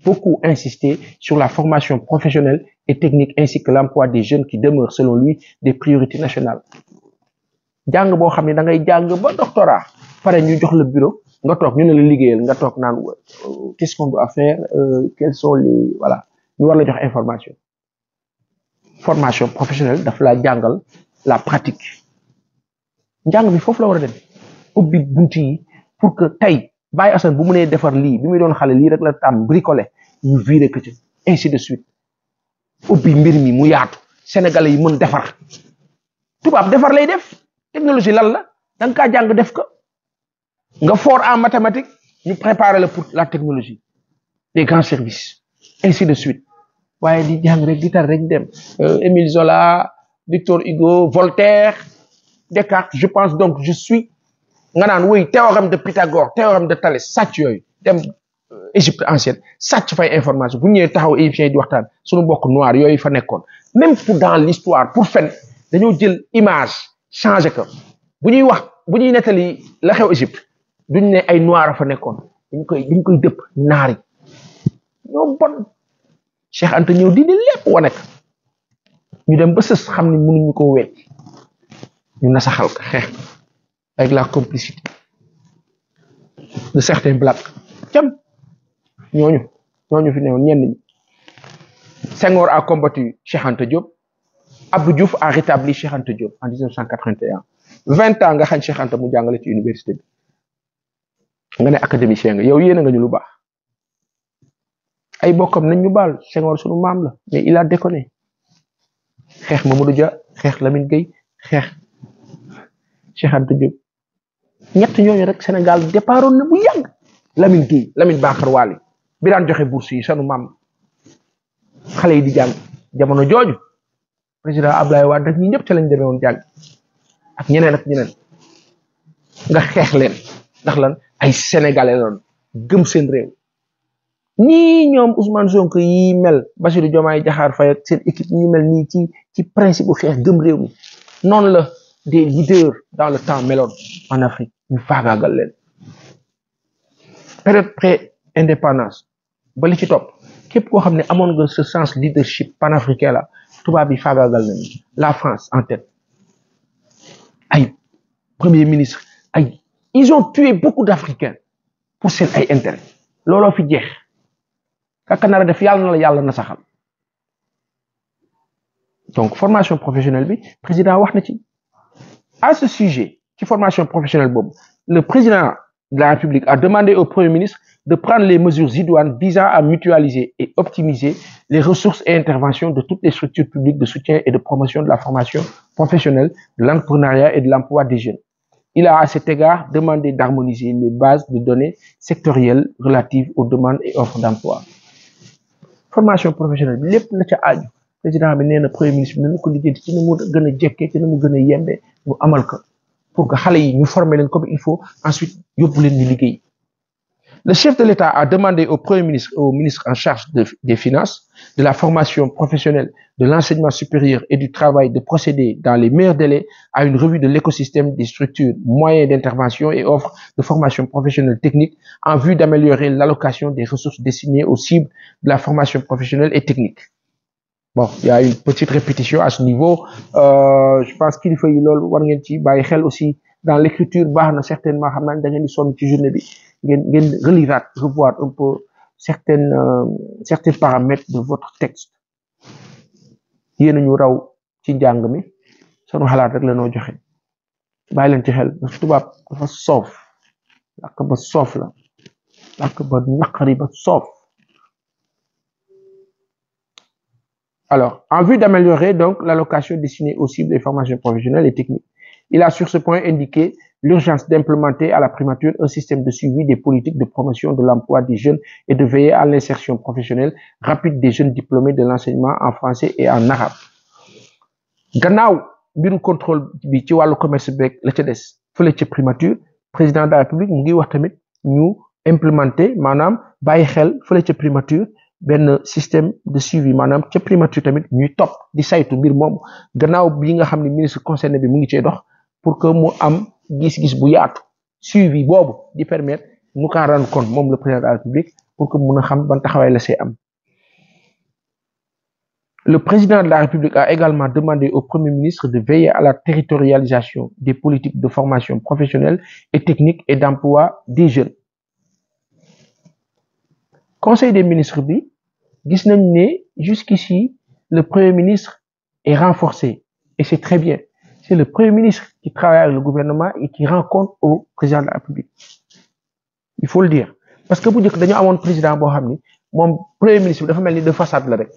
beaucoup insisté sur la formation professionnelle et technique ainsi que l'emploi des jeunes qui demeurent selon lui des priorités nationales jàng boo xam ne da ngay jàng ba doctorat pare ñu jox la bureau nga toog ñu ne la liggéeyal nga toog naan euh, qu'est-ce qu'on doit faire euh, quels sont les voilà nous war la jox information formation professionnelle la pratique bi la pour que bu defar bi rek la viré ainsi de suite ubbi mbir mi sénégalais yi defar defar lay def technologie lan la en mathématiques préparer pour la technologie des grands services ainsi de suite waye di jàng rek di tar rek dem euh, Émile Zola Victor Hugo Voltaire Descartes je pense donc je suis nga nan wuy théorème de Pythagore théorème de Thalès sàcc yoy dem euh, Égypte ancienne sàcc fay information bu ñëw taxaw égyptien di waxtaan suñu bokk noir yoy fa nekkon même pour dans l'histoire pour fen dañu jël image changer ko bu ñuy wax bu ñuy nettali la xew Égypte duñ né ay noir a fa nekkon dañ koy dañ koy dëpp naari ñoo bon Cheikh Anta ñew di lepp wane nek ñu dem ba sës xamni mënu mënuñu ko weddi ñu nasaxal ko xex avec la complicité de certains blacks cam ñoñu ñoñu fi neewon ñen ñi Senghor a combattu Cheikh Anta Diop Abdou Diouf a rétabli Cheikh Anta Diop en 1981 20 ans nga xañ Cheikh Anta mu jangale ci université bi nga né académicien nga yow yéene nga ñu lu baax ay bokkam nañ ñu bal Senghor sunu mam la mais il a déconné heh, Mamadou Dia xex Lamine gey xex Cheikh Anta Diop ñett ñooñu rek Sénégal départon na bu yag Lamine gey Lamine bakhar Wali bi daan joxe bourse yi sanu mam xalé yi di jang jamono joju président Ablaye wad rek ñi ñep ci lañ déme won jang ak ñeneen ak ñeneen nga xex leen ndax lan ay sénégalais lañ gëm seen réew ni ñom Ousmane Sonko yi mel Bassirou Diomaye Diakhar Faye ak seen équipe ñu mel ni ci ci principe xex gëm réew mi la des leaders dans le temps meloon en Afrique ñu faagaagal leen période pré indépendance ba li ci top képp koo xam ne amoon nga ce sens leadership panafricain la tubaab yi faagaagal nañu la France en tête ay premier ministre ay ils ont tué beaucoup d'Africains pour seen ay intérêt looloo fi jeex donc formation professionnelle bi président wax à ce sujet qui formation professionnelle le président de la République a demandé au Premier ministre de prendre les mesures idoines visant à mutualiser et optimiser les ressources et interventions de toutes les structures publiques de soutien et de promotion de la formation professionnelle, de l'entrepreneuriat et de l'emploi des jeunes. Il a à cet égard demandé d'harmoniser les bases de données sectorielles relatives aux demandes et offres d'emploi formation professionnelle Les lépp la ci aaju président bi nee na premier ministre bi na ko liggéey ci na mu gën a jekkee ci na mu gën a yembe mu amal ko pour que xale yi ñu former leen comme il faut ensuite yóbbu leen ñu liggéey le chef de l'État a demandé au premier ministre au ministre en charge des finances de la formation professionnelle, de l'enseignement supérieur et du travail de procéder dans les meilleurs délais à une revue de l'écosystème des structures, moyens d'intervention et offres de formation professionnelle technique en vue d'améliorer l'allocation des ressources destinées aux cibles de la formation professionnelle et technique. Bon, il y a une petite répétition à ce niveau. Euh, je pense qu'il faut y aussi dans l'écriture, certainement, relire un peu certaines euh, certains paramètres de votre texte yéen ñu raw ci njàng mi sunu xalaat rek la no joxe bàyyi leen ci xel parce que tubaab dafa soof làkk ba soof la làkk ba naqari ba soof Alors, en vue d'améliorer donc l'allocation destinée aux cibles des formations professionnelles et techniques, il a sur ce point indiqué l'urgence d'implémenter à la primature un système de suivi des politiques de promotion de l'emploi des jeunes et de veiller à l'insertion professionnelle rapide des jeunes diplômés de l'enseignement en français et en arabe Ganao, mbiru contrôle bi ci walu commerce beeg la ci dess primature président de la république mu ngi wax tamit ñu implémenter manam bàyyi xel ci primature benn système de suivi manam que primature tamit ñuy top di saytu bir mom. gannaaw bi nga xamni ministre concerné bi mu ngi dox pour que mu am le président de la République a également demandé au Premier ministre de veiller à la territorialisation des politiques de formation professionnelle et technique et d'emploi des jeunes. Conseil des ministres, jusqu'ici, le Premier ministre est renforcé et c'est très bien c'est le Premier ministre qui travaille avec le gouvernement et qui rend compte au président de la République. Il faut le dire. Parce que dites njëkk dañoo mon président boo xam Premier ministre bi dafa mel de façade Il rek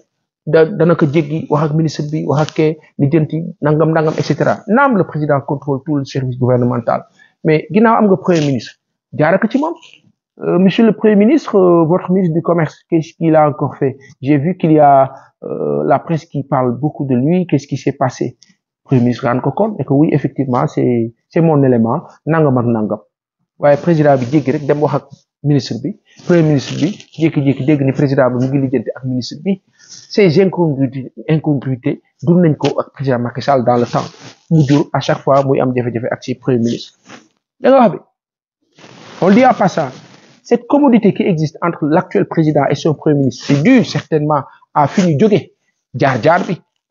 da dana ko wax ak ministre bi wax ak kee nangam nangam etc. cetera le président contrôle tout le service gouvernemental mais ginnaaw am nga Premier ministre jaara ko ci moom euh, Monsieur le Premier ministre, euh, votre ministre du Commerce, qu'est-ce qu'il a encore fait J'ai vu qu'il y a euh, la presse qui parle beaucoup de lui, qu'est-ce qui s'est passé premier ministre daan ko que oui effectivement c'est c'est mon élément nangam ak nangam waaye président bi djegi rek dem wax ak ministre bi premier ministre bi djegi djegi deg ni président bi mu ngi ak ministre bi ces incongruités incongruités dund nañ ko ak président Macky dans le temps mu jur à chaque fois muy am jafe-jafe ak ci premier ministre da nga wax bi on dit en passant cette commodité qui existe entre l'actuel président et son premier ministre c'est dû certainement à fini djogé Jar jaar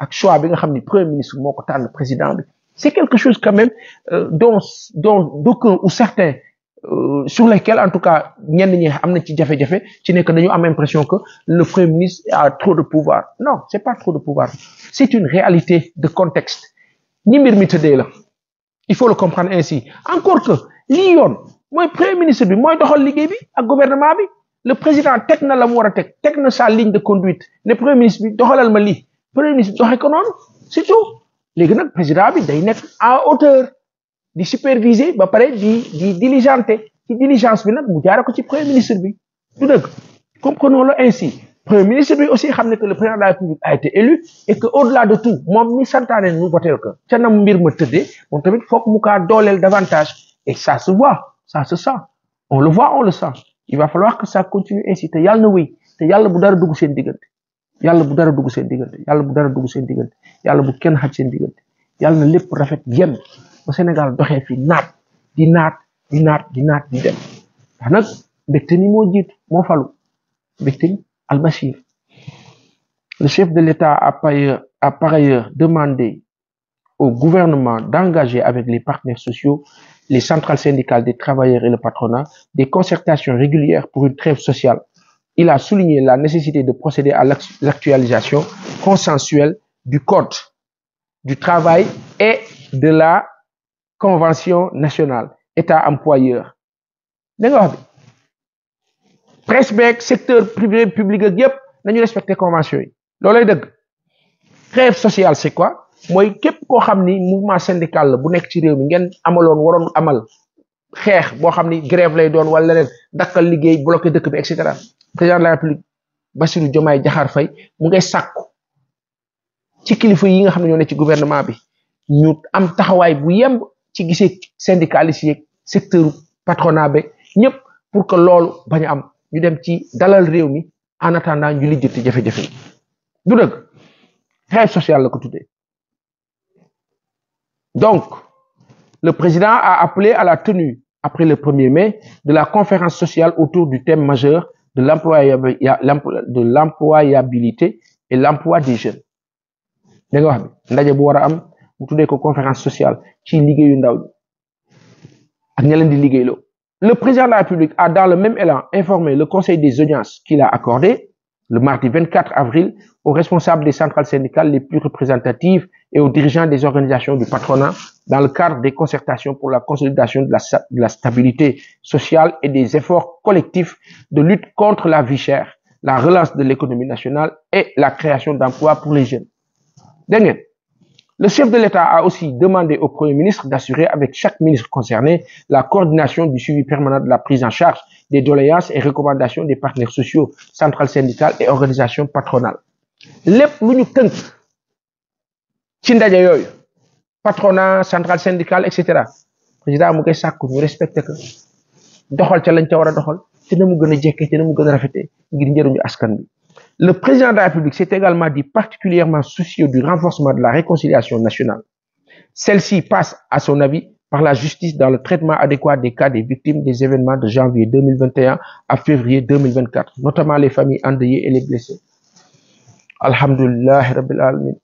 ak choix bi nga xamni premier ministre moko tan tànn président bi c'est quelque chose quand même euh, dont dont d'aucuns ou certains euh, sur lesquels en tout cas ñen ñi amna ci jafé jafé ci nek dañu am impression que le premier ministre a trop de pouvoir non c'est pas trop de pouvoir c'est une réalité de contexte ni mbir mi tëddee la il faut le comprendre ainsi encore que li yone moy premier ministre bi moy doxal liggéey bi ak gouvernement bi le président tek na la mu war tek teg na sa ligne de conduite le premier ministre bi doxalal ma li premier ministre joxe ko noonu surtout légui nak président bi day nekk à hauteur di superviser ba paré di di diligenter ci diligence bi nak mu jaarako ci premier ministre bi du dëgg comprenons le ainsi premier ministre bi aussi xamné que le président de la république a été élu et que au delà de tout mom mi santaane nu voté que ca nam mbir ma tëddee moom tamit foog mu ka dooleel davantage et ça se voit ça se sent on le voit on le sent il va falloir que ça continue ainsi te yalla na wéy te yalla bu dara dugg sen diggante yalla bu dara dugg seen diggante yalla bu dara dugg seen diggante yalla bu kenn xaj seen diggante yalla na lépp rafet yenn ba Sénégal doxee fi naat di naat di naat di naat di dem ndax nag mbégte mi moo jiitu moo falu mbégte mi le chef de l'État a a par ailleurs demandé au gouvernement d'engager avec les partenaires sociaux, les centrales syndicales des travailleurs et le patronat des concertations régulières pour une trêve sociale il a souligné la nécessité de procéder à l'actualisation consensuelle du Code du travail et de la Convention nationale État employeur. D'accord presse secteur privé public nous nous respecté la convention yi loolay la grève sociale c'est quoi Moi, mouvement syndical la bu nekk ci réew amal xeex boo xam ni grève lay doon wala leneen dakkal liggéey bloqué dëkk bi et cetera président de la république Bassirou Diomaye Diakhar Faye mu ngay sàkku ci kilifa yi nga xam ne ñoo ci gouvernement bi ñu am taxawaay bu yemb ci gisee syndicalistes yeeg secteur patronat beeg ñëpp pour que loolu bañ am ñu dem ci dalal réew mi en naa ñu lijjanti jafe-jafe du dëgg xeex social la ko tuddee donc le président a appelé à la tenue après le 1er mai, de la conférence sociale autour du thème majeur de l'employabilité et l'emploi des jeunes. conférence sociale Le président de la République a dans le même élan informé le conseil des audiences qu'il a accordé le mardi 24 avril aux responsables des centrales syndicales les plus représentatives et aux dirigeants des organisations du patronat dans le cadre des concertations pour la consolidation de la, stabilité sociale et des efforts collectifs de lutte contre la vie chère, la relance de l'économie nationale et la création d'emplois pour les jeunes. Le chef de l'État a aussi demandé au Premier ministre d'assurer avec chaque ministre concerné la coordination du suivi permanent de la prise en charge des doléances et recommandations des partenaires sociaux, centrales syndicales et organisations patronales. Lep lu ñu ci ndaje yooyu patronat centrale syndicale etc. président mu koy sàkku respecte. que doxal ca lañ ca war a doxal te na mu gën a jekkee te na mu gën a rafetee ngir njëriñu askan le président de la République s'est également dit particulièrement soucieux du renforcement de la réconciliation nationale. Celle-ci passe, à son avis, par la justice dans le traitement adéquat des cas des victimes des événements de janvier 2021 à février 2024, notamment les familles endeuillées et les blessés. Alhamdulillah Rabbil Alamin.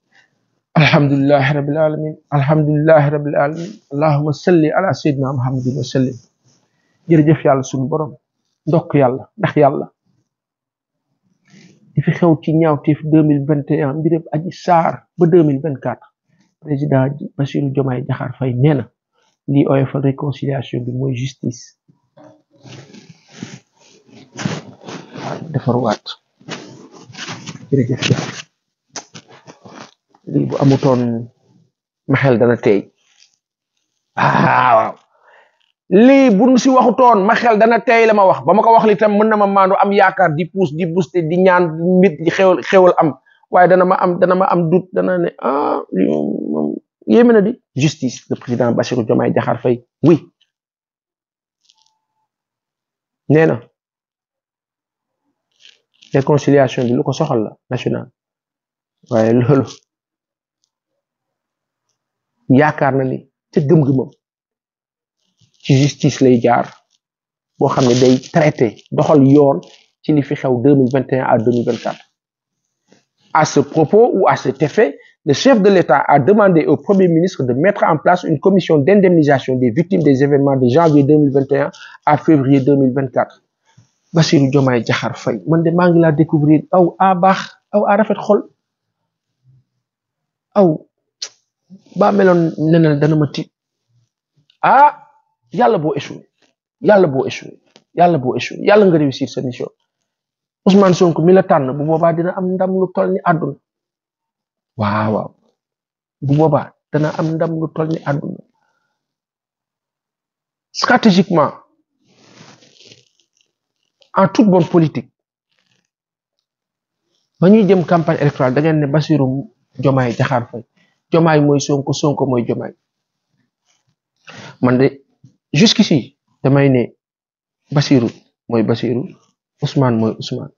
Alhamdulillah Rabbil Alamin. Alhamdulillah Rabbil Alamin. Allahumma salli ala li fi xew ci ñaawteef deux mille vingt et un mbirëb aji saar ba deux mille vingt quatre président Bassirou Diomaye Diakhar Faye nee na lii oyofal réconciliation bi mooy justice defarwaat jërëjëf lii bu amutoon ma xel dana tey ah, waaw lii buñ si waxutoon ma xel dana teey la ma wax ba ma ko wax li tam mën na ma maandu am yaakaar di puus di buste di ñaan nit di xewal am waaye dana ma am dana ma am dut dana ne ah li moom yéeme na di justice le président Bassirou Diomaye Diakhar Faye oui nee na réconciliation bi lu ko soxal la national waaye loolu yaakaar na ni ca gëm-gëmam ci justice lay jaar bo xamné day traité doxal yoon ci ni fi xew 2021 à 2024 à ce propos ou à cet effet le chef de l'État a demandé au Premier ministre de mettre en place une commission d'indemnisation des victimes des événements de janvier 2021 à février 2024 Bassirou Diomaye Diakhar Faye man de découvrir aw a aw a rafet xol aw ba melone ne dana ma ah yàlla boo échoué yàlla boo échoué yàlla boo yàlla nga réussir sa mission Ousmane Sonko mi la tànn bu dina am ndam lu toll ni waaw waaw bu boobaa dana am ndam lu toll ni àdduna stratégiquement en toute bonne politique ba ñuy jëm campagne électorale da ngeen ne Bassirou Diomaye Diakhar Faye Diomaye mooy Sonko Sonko mooy Diomaye man de. jusqu'ici damay ne Basiru mooy Basiru Ousmane mooy Ousmane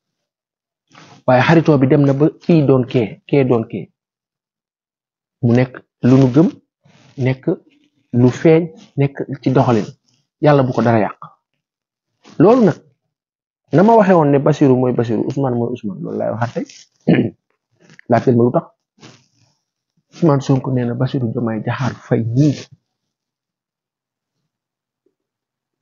waaye xaritoo bi dem na ba kii doon kee kee doon kee mu nekk lu nu gëm nekk lu feeñ nekk ci doxalin yàlla bu ko dara yàq loolu nag na ma waxee woon ne Basiru mooy Basiru Ousmane mooy Ousmane loolu laay waxaat tey laajteel ma lu tax Ousmane Sonko nee na Basiru Diomaye Diakhar Faye nii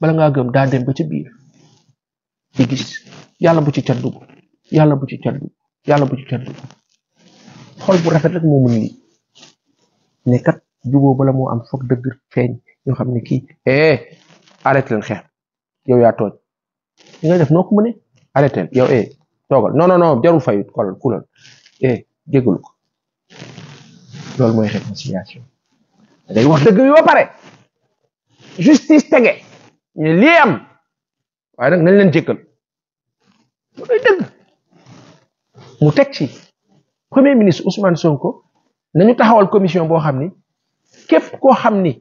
bala ngaa gëm daa dem ba ci biir di gis yàlla bu ci cat dugg yàlla bu ci cat dugg yàlla bu ci bu rafet rek moo mun lii ne kat juboo bala moo am foog dëgg feeñ ñoo xam ne kii eh arrêté leen xeex yow yaa tooñ li ngay def noo ko mënee arrêté leen yow eh toogal non non non jarul fayut kolal kulal eh jégalu mooy réconciliation day wax pare justice tege. ñu lii waaye nag nañ leen jéggal mu teg ci premier ministre Ousmane Sonko nañu taxawal commission boo xam ni képp koo xam ni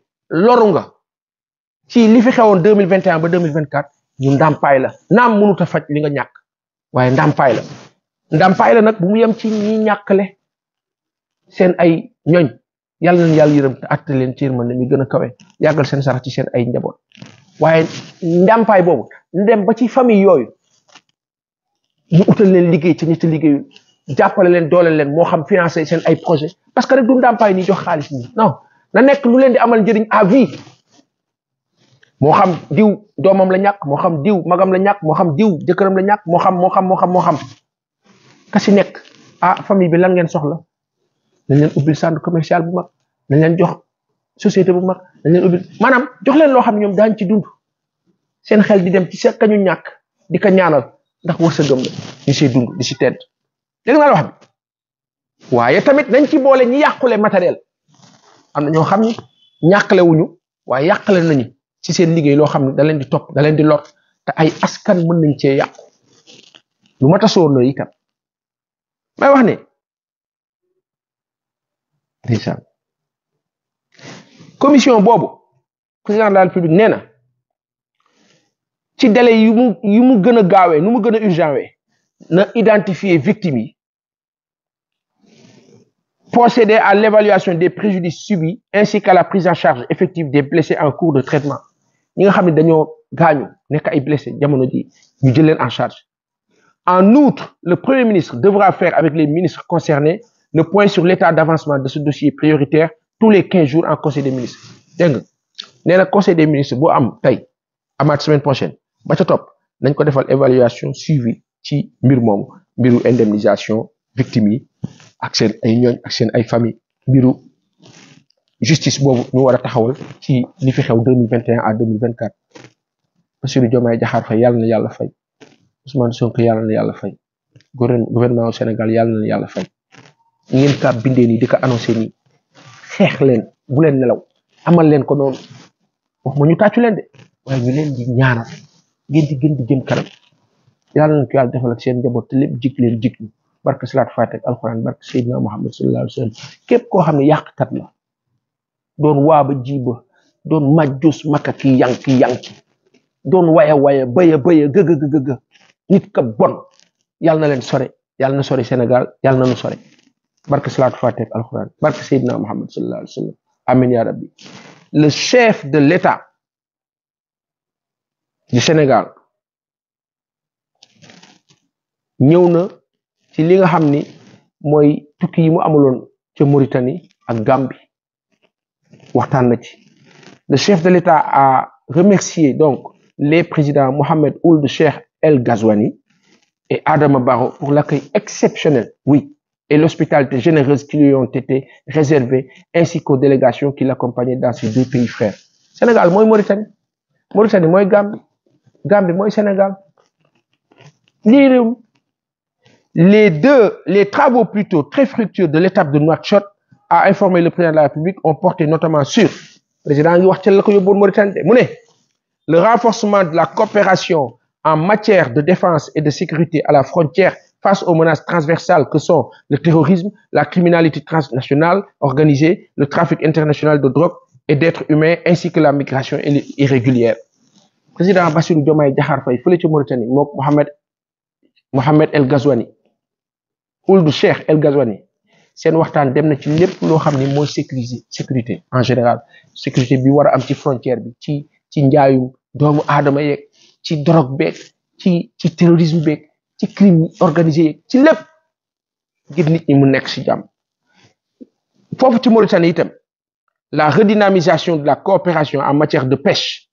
loru nga ci lifi xewoon deux mille vingt ba deux mille vingt quatre ndàmpaay la naam mënut a faj li nga ñàkk waaye ndàmpaay la ndàmpaay la nag bu mu yem ci ñi ñàkkale seen ay ñoñ yàlla nañ yàlla yërëm te àtte leen ci yërmande mi gën a kawe yàggal seen sarax ci seen ay njaboot. waaye ndàmpaay boobu ñu dem ba ci famille yooyu ñu utal leen liggéey ci ñetti liggéeyul jàppale leen dooleel leen moo xam financé seen ay projet parce que rek du ndàmpaay ni jox xaalis nii non na nekk lu leen di amal njariñ à moo xam diw doomam la ñàkk moo xam diw magam la ñàkk moo xam diw jëkkëram la ñàkk moo xam moo xam moo xam moo xam ka nekk ah famille bi lan ngeen soxla na leen ubbil centre commercial bu mag na leen jox société bu mag dañ leen maanaam jox leen loo xam ne ñoom daañ ci dund seen xel di dem ci sa kañu ñàkk di ko ñaanal ndax wërsëgam la di siy dund di si tedd dégg naa loo xam waaye tamit nañ ci boole ñi yàqule matériel am na ñoo xam ne ñàqale wuñu waaye yàqale nañu ci seen liggéey loo xam ne da leen di top da leen di lor te ay askan mën nañ cee yàqu lu mat a sóor la itam may wax ne commission Bobo, président de la république Néna, ci délai yu mu yu mu identifier victimes procéder à l'évaluation des préjudices subis ainsi qu'à la prise en charge effective des blessés en cours de traitement Nous avons xam dañoo gañu nek ay blessés jamono di ñu jël en charge en outre le premier ministre devra faire avec les ministres concernés le point sur l'état d'avancement de ce dossier prioritaire tous les 15 jours en conseil des ministres deng nga na conseil des ministres bo am tay amat semaine prochaine ba ca top nañ ko defal évaluation suivi ci mbir mom mbiru indemnisation victime yi ak sen ay ñooñ ak sen ay famille mbiru justice bobu ñu wara taxawal ci li fi xew 2021 à 2024 monsieur Diomaye jahar fa yalla na yalla fay Ousmane Sonko yalla na yalla fay gouvernement au Sénégal yalla na yalla fay ngeen ka bindé ni di ko annoncé nii xeex leen bu leen nelaw amal leen ko noonu ma ñu tàccu leen de waaye ñu leen di ñaanal ngeen di gën di jëm kanam yàlla na ko yàlla defal ak seen njaboot te lépp leen jik ñu barke salaat faat ak alxuraan barke Seydina Muhammad sallallahu alayhi wa sallam képp koo xam ne yàqkat la doon waaba jiiba doon majjus makka ki yanki yanki doon waya waya baya baya gëgëgëgëgë nit ka bon yàlla na leen sore yàlla na sore senegal yàlla na nu sore barke salaatu fatiha ak alxuraan barke Seydina Muhammad sallallahu alayhi wa sallam amin ya rabbi le chef de l'État du Sénégal ñëw ci li nga xamni moy tukki yi mu amuloon ci Mauritanie ak Gambie waxtan na ci le chef de l'État a remercié donc les présidents Mohamed Ould Cheikh El Gazouani et Adama Barrow pour l'accueil exceptionnel oui et l'hospitalité généreuse qui lui ont été réservées, ainsi qu'aux délégations qui l'accompagnaient dans ces deux pays frères. Sénégal, moi, Mauritanie. Mauritanie, moi, Gambie. Gambie, moi, Sénégal. Les deux, les travaux plutôt très fructueux de l'étape de Nouakchott a informé le président de la République ont porté notamment sur le renforcement de la coopération en matière de défense et de sécurité à la frontière face aux menaces transversales que sont le terrorisme, la criminalité transnationale organisée, le trafic international de drogue et d'êtres humains, ainsi que la migration irrégulière. président Bassirou Diomaye Diakhar Faye fële Mohamed Mohamed El Ghazouani Ould Cheikh El Ghazouani c'est waxtaan dem na ci lépp loo xam ne sécurité en général sécurité bi war am ci frontière bi ci ci njaayum doomu aadama yeeg ci drogue beeg ci ci terrorisme crime organisé la redynamisation de la coopération en matière de pêche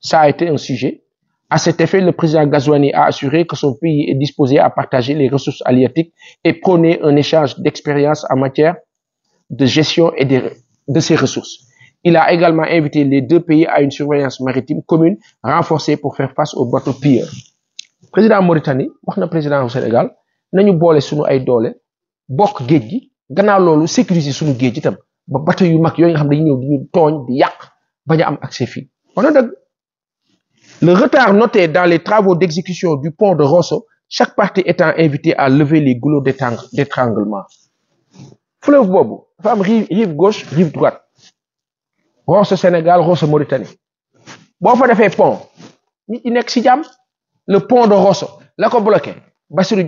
ça a été un sujet à cet effet le président gazouani a assuré que son pays est disposé à partager les ressources halieutiques et prôner un échange d'expériences en matière de gestion et de, ces ressources il a également invité les deux pays à une surveillance maritime commune renforcée pour faire face aux bateaux pires président Mauritanie président du Sénégal nañu suñu ay le retard noté dans les travaux d'exécution du pont de Rosso chaque partie étant invitée à lever les goulots d'étranglement fleuve Bobo, rive gauche rive droite Rosso Sénégal Rosso Mauritanie Bon, fa va pont un ñi nekk le pont de Rosso la bloqué Bassirou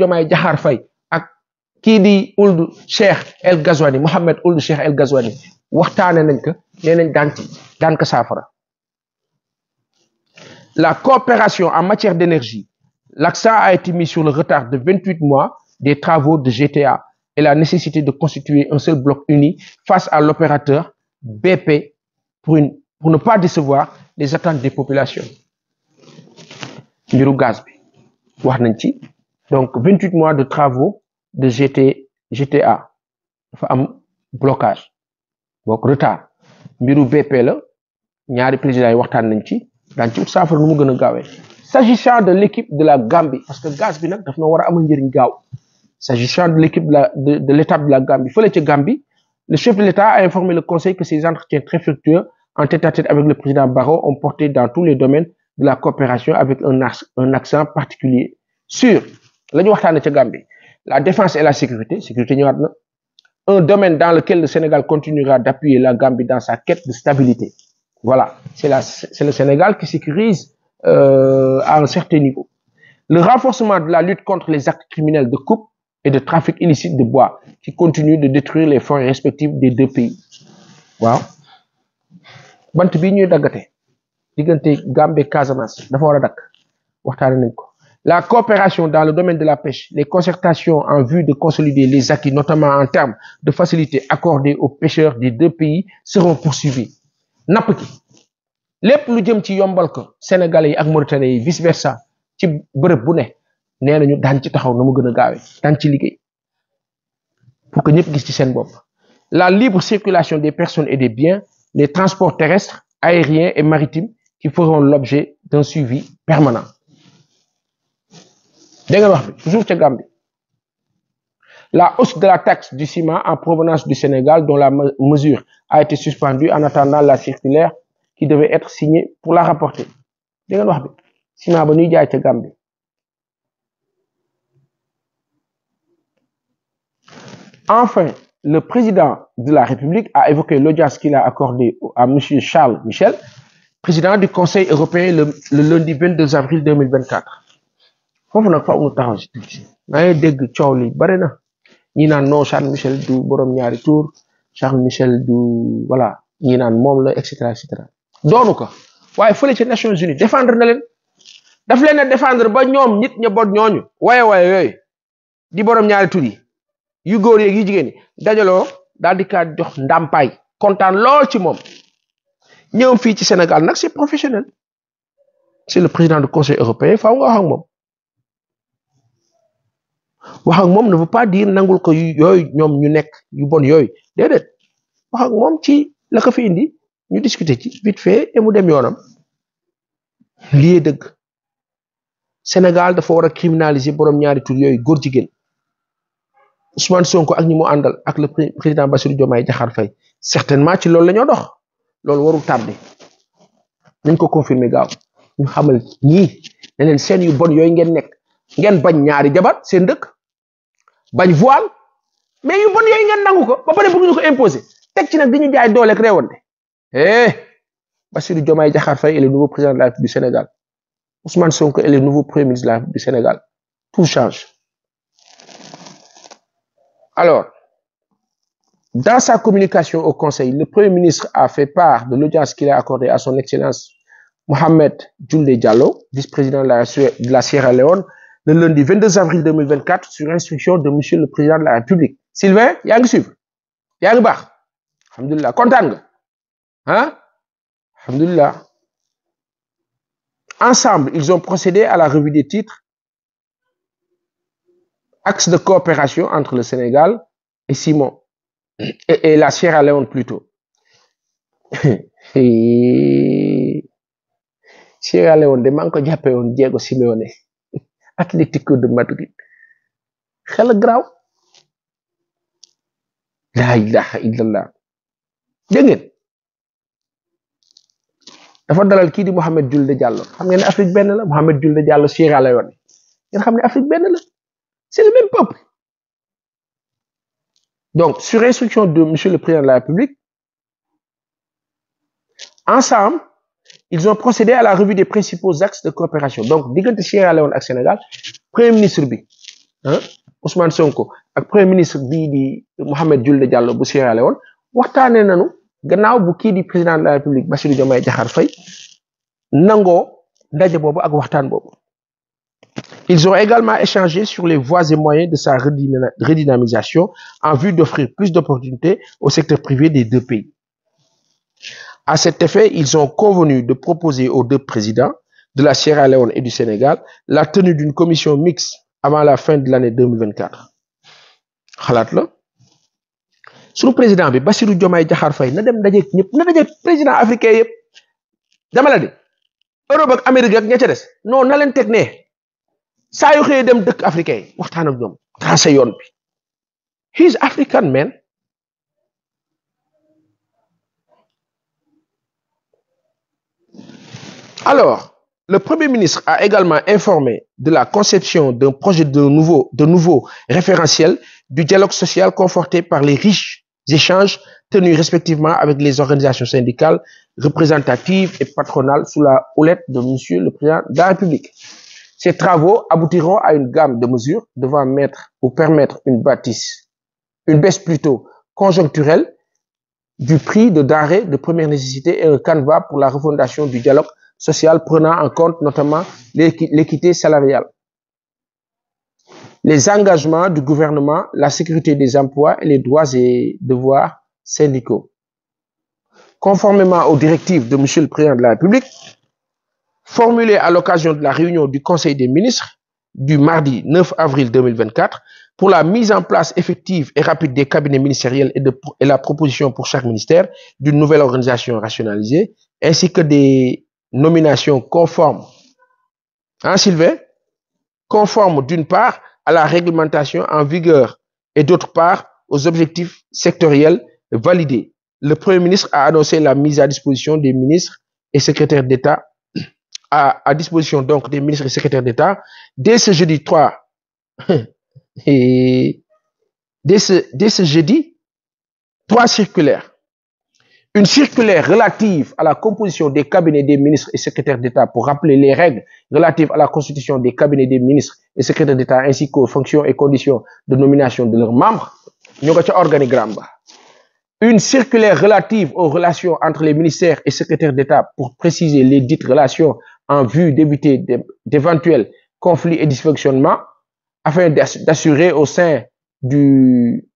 Ould El Gazouani, Mohamed Ould El la coopération en matière d'énergie l'accent a été mis sur le retard de 28 mois des travaux de GTA et la nécessité de constituer un seul bloc uni face à l'opérateur BP pour ne pas décevoir les attentes des populations mbiru gaz bi wax nañ ci donc 28 mois de travaux de GT GTA dafa am blocage boog retard mbiru BP la ñaari président yi waxtaan nañ ci daan ci ut saafara nu mu s'agissant de l'équipe de la Gambie parce que gaz bi daf na wara a amal njëriñ gaaw s'agissant de l'équipe de l'état de, de de la Gambie fële ci Gambie le chef de l'État a informé le Conseil que ses entretiens très fructueux en tête à tête avec le président Barrow ont porté dans tous les domaines de la coopération avec un, un accent particulier sur la la défense et la sécurité sécurité un domaine dans lequel le Sénégal continuera d'appuyer la Gambie dans sa quête de stabilité voilà c'est c'est le Sénégal qui sécurise euh, à un certain niveau le renforcement de la lutte contre les actes criminels de coupe et de trafic illicite de bois qui continuent de détruire les forêts respectives des deux pays voilà Bonne nuit, ñuy la coopération dans le domaine de la pêche les concertations en vue de consolider les acquis notamment en termes de facilités accordées aux pêcheurs des deux pays seront poursuivies la libre circulation des personnes et des biens les transports terrestres aériens et maritimes qui feront l'objet d'un suivi permanent toujours la hausse de la taxe du ciment en provenance du Sénégal dont la mesure a été suspendue en attendant la circulaire qui devait être signée pour la rapporter enfin le président de la République a évoqué l'audience qu'il a accordée à M. Charles Michel président du conseil européen le le lundi 22 avril 2024 foofu nag faaw mu taxaw si tuuti naa dégg coow li bare na ñi naan non Charles Michel du borom ñaari tour Charles Michel du voilà ñi naan moom la et cetera et cetera doonu ko waaye fële ci Nations Unies défendre na leen daf leen a défendre ba ñoom nit ña bot ñooñu waaye waaye di borom ñaari tur yi yu góor yeeg yu jigéen yi dajaloo daal di kaa jox ndàmpaay kontaan lool ci moom. ñëw fii ci Sénégal nag c'est professionnel c'est le président de conseil européen faaw nga wax moom wax ak moom ne veut pas dire nangul ko yooyu ñoom ñu nekk yu bon yooyu déedéet wax moom ci la fi indi ñu discuter ci vite fait et mu dem yoonam lii dëgg Sénégal dafa war a borom ñaari tur yooyu góor jigéen Ousmane Sonko ak ñi mu àndal ak le président Bassirou Diomaye Diakhar Faye certainement ci loolu la ñoo dox. loolu ko confirmer ñu xamal yu ngeen ngeen bañ ñaari jabar bañ voile mais yu ngeen ba bëgg ñu ko imposer ci le eh, nouveau président de la du Sénégal Ousmane Sonko est nouveau premier ministre du Sénégal tout change alors dans sa communication au Conseil, le Premier ministre a fait part de l'audience qu'il a accordée à son Excellence Mohamed Djoulé Diallo, vice-président de la Sierra Leone, le lundi 22 avril 2024 sur instruction de Monsieur le Président de la République. Sylvain, Yang y Yang Bach, ensemble ils ont procédé à la revue des titres axe de coopération entre le Sénégal et Simon et, la Sierra Leone plutôt. Sierra Leone de maa Diego Simeone Atlético de Madrid xel graw La ilaha illallah dégg dafa dalal ki di Mohamed Julde Diallo xam Afrique Mohamed Julde Diallo Sierra Leone ngeen xam Afrique c'est le même peuple donc, sur instruction de M. le Président de la République, ensemble, ils ont procédé à la revue des principaux axes de coopération. Donc, de Sierra Leone à Sénégal premier ministre B. Hein, Ousmane Sonko et premier ministre B. Mohamed Djul Diallo Sierra Leone nañu gannaaw bu kii di président de la République Bassirou Diomaye Nango, fay nangoo ndaje boobu ak ils ont également échangé sur les voies et moyens de sa redynamisation en vue d'offrir plus d'opportunités au secteur privé des deux pays. À cet effet, ils ont convenu de proposer aux deux présidents de la Sierra Leone et du Sénégal la tenue d'une commission mixte avant la fin de l'année 2024. Sous président président africain non alors le premier ministre a également informé de la conception d'un projet de nouveau de nouveau référentiel du dialogue social conforté par les riches échanges tenus respectivement avec les organisations syndicales représentatives et patronales sous la houlette de Monsieur le Président de la République ces travaux aboutiront à une gamme de mesures devant mettre ou permettre une bâtisse, une baisse plutôt conjoncturelle du prix de d'arrêt de première nécessité et un canevas pour la refondation du dialogue social prenant en compte notamment l'équité salariale. Les engagements du gouvernement, la sécurité des emplois et les droits et devoirs syndicaux. Conformément aux directives de M. le Président de la République, Formulé à l'occasion de la réunion du Conseil des ministres du mardi 9 avril 2024 pour la mise en place effective et rapide des cabinets ministériels et, de, et la proposition pour chaque ministère d'une nouvelle organisation rationalisée, ainsi que des nominations conformes. Hein, Sylvain Conformes d'une part à la réglementation en vigueur et d'autre part aux objectifs sectoriels validés. Le Premier ministre a annoncé la mise à disposition des ministres et secrétaires d'État à, disposition donc des ministres et secrétaires d'État dès ce jeudi 3 et ce, dès ce jeudi trois circulaires. Une circulaire relative à la composition des cabinets des ministres et secrétaires d'État pour rappeler les règles relatives à la constitution des cabinets des ministres et secrétaires d'État ainsi qu'aux fonctions et conditions de nomination de leurs membres. Une circulaire relative aux relations entre les ministères et secrétaires d'État pour préciser les dites relations en vue d'éviter d'éventuels conflits et dysfonctionnements afin d'assurer au sein du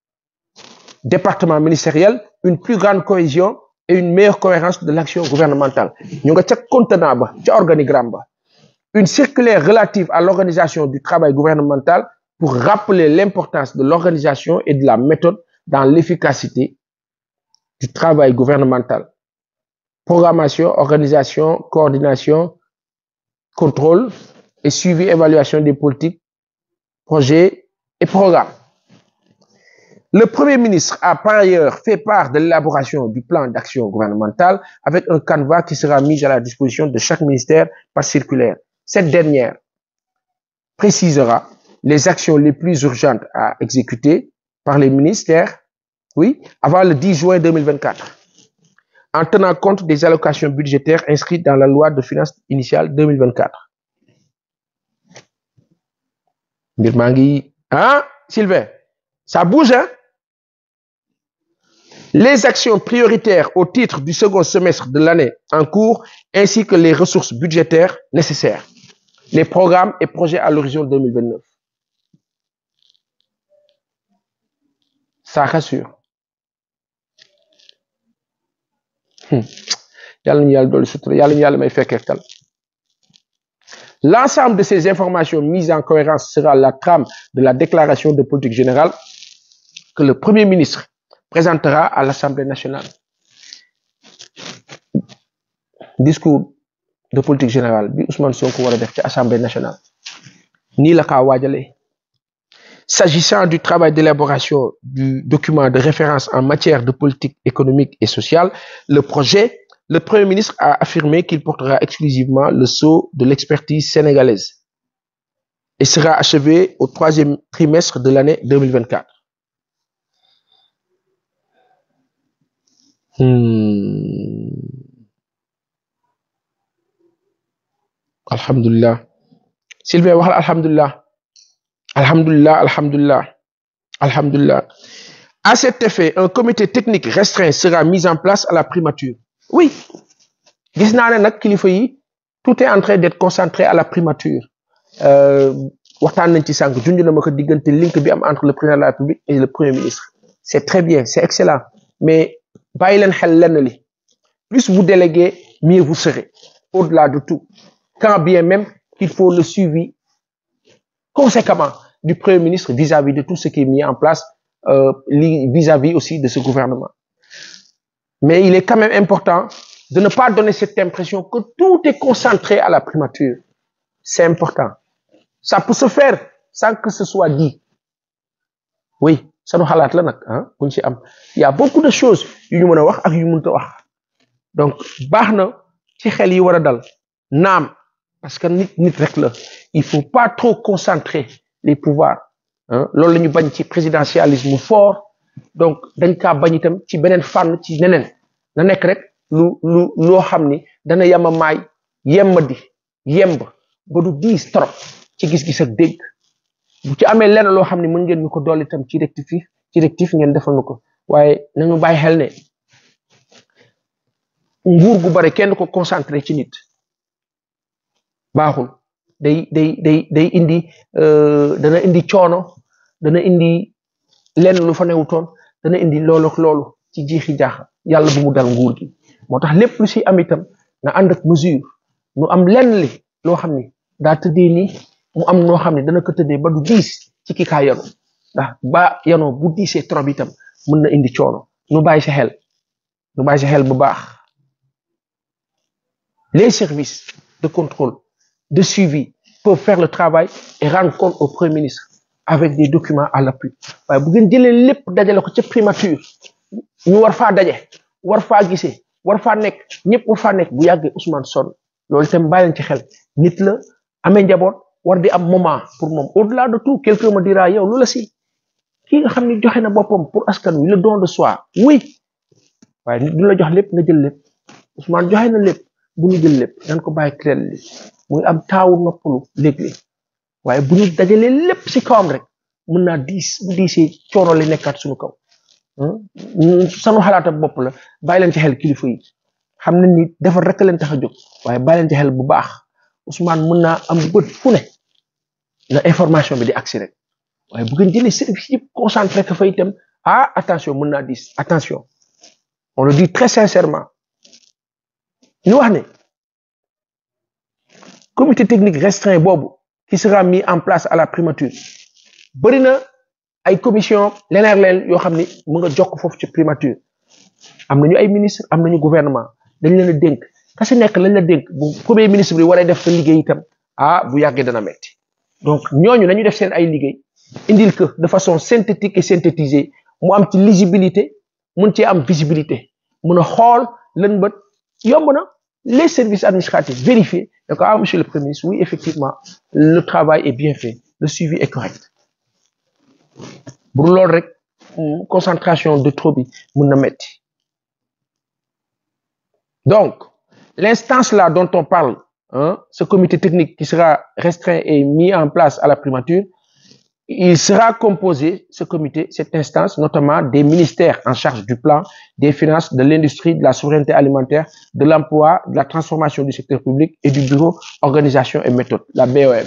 département ministériel une plus grande cohésion et une meilleure cohérence de l'action gouvernementale. Nous avons organigramme une circulaire relative à l'organisation du travail gouvernemental pour rappeler l'importance de l'organisation et de la méthode dans l'efficacité du travail gouvernemental. Programmation, organisation, coordination, contrôle et suivi évaluation des politiques, projets et programmes. Le Premier ministre a par ailleurs fait part de l'élaboration du plan d'action gouvernemental avec un canevas qui sera mis à la disposition de chaque ministère par circulaire. Cette dernière précisera les actions les plus urgentes à exécuter par les ministères, oui, avant le 10 juin 2024 en tenant compte des allocations budgétaires inscrites dans la loi de finances initiale 2024. Mirmangui, Hein, Sylvain Ça bouge, hein Les actions prioritaires au titre du second semestre de l'année en cours, ainsi que les ressources budgétaires nécessaires. Les programmes et projets à l'horizon 2029. Ça rassure. Hmm. L'ensemble de ces informations mises en cohérence sera la trame de la déclaration de politique générale que le Premier ministre présentera à l'Assemblée nationale. Discours de politique générale, Ousmane l'Assemblée nationale. Ni la S'agissant du travail d'élaboration du document de référence en matière de politique économique et sociale, le projet, le Premier ministre a affirmé qu'il portera exclusivement le sceau de l'expertise sénégalaise et sera achevé au troisième trimestre de l'année 2024. Hmm. Alhamdulillah. Sylvain, Alhamdulillah, Alhamdulillah, Alhamdulillah. À cet effet, un comité technique restreint sera mis en place à la primature. Oui, tout est en train d'être concentré à la primature. Euh, entre le président de la et le Premier ministre. C'est très bien, c'est excellent. Mais plus vous déléguez, mieux vous serez. Au-delà de tout. Quand bien même qu'il faut le suivi conséquemment du Premier ministre vis-à-vis de tout ce qui est mis en place, euh, vis-à-vis aussi de ce gouvernement. Mais il est quand même important de ne pas donner cette impression que tout est concentré à la primature. C'est important. Ça peut se faire sans que ce soit dit. Oui, ça nous halate là hein, Il y a beaucoup de choses yu mëna Donc parce Il faut pas trop concentrer les pouvoirs loolu la ñu bañ ci présidentialisme fort donc dañ ka bañ itam ci benen fan ci nenen na nek rek lu lu lo xamni dana yama may yemb di yemb ba du dis trop ci gis-gis ak deg bu ci amé lén lo xamni mën ngeen ñuko doli tam ci rectif ci rectif ngeen defal nuko ko nañu bay xel né nguur gu bari kenn ko concentrer ci nit baxul day day day day indi eh, dana indi choono dana indi lenn lu fa newutoon dana indi loolu ak loolu ci jiixi jaaxa yalla bu mu dal nguur gi motax lepp lu ci am itam na and ak mesure nu am lenn li lo xamni da daa ni mu am no xamni dana ko tëddee ba du 10 ci ki ka yanu ndax ba yano bu ci trop itam mën na indi choono nu bàyyi sa xel nu bàyyi sa xel bu baax les services de contrôle de suivi peuvent faire le travail et rendre compte au Premier ministre avec des documents à l'appui waaye bu ngeen des lépp dajale ko ca primature ñu war faa daje war faa gisee war fa nek ñepp fa nek bu yàggee Ousmane Sonn loolu itam bàyyi ci xel nit la amé njaboot war di am moment pour mom au-delà de tout quelqu'un me dira yow lu la si kii nga xamni joxé na boppam pour askan wi le don de soi oui waaye nit du la jox lépp nga jël lépp Ousmane joxé na bu ñu jël lépp dañ ko bàyyi créel li muy am taawu noppalu léeg-léeg waaye bu ñu dajalee lépp si kawam rek mën naa diis bu diisee coono li nekkaat suñu kaw hmm? Hmm, sanu xalaatam bopp la bàyyi leen ci xel kilifa xam nañ ni defar rek leen tax a jóg waaye bàyyi leen ci xel bu baax Ousmane mën naa am bët fu ne na information bi di agsi rek waaye bu ngeen jëlee service yëpp concentré ka fa itam ah attention mën naa diis attention on le dit très sincèrement Nous wax ne comité technique restreint bobu qui sera mis en place à la primature bari na ay commission leneen yo xamni mu nga jokk fofu ci primature am nañu ay ministre am nañu gouvernement dañ leena a dénk ka si nekk lañ la dénk bu premier ministre bi waree def sa liggéey itam ah bu yagge dana metti donc ñoñu lañu def sen ay liggéey indil que de façon synthétique et synthétisée mu am ci lisibilité mun ci am visibilité mu na xol lañ bëtt yomb na les services administratifs vérifient. ah, monsieur le Premier ministre, oui, effectivement, le travail est bien fait, le suivi est correct. Pour mm, concentration de trop, Donc, l'instance-là dont on parle, hein, ce comité technique qui sera restreint et mis en place à la primature, il sera composé, ce comité, cette instance, notamment des ministères en charge du plan, des finances, de l'industrie, de la souveraineté alimentaire, de l'emploi, de la transformation du secteur public et du bureau organisation et méthode, la BOM.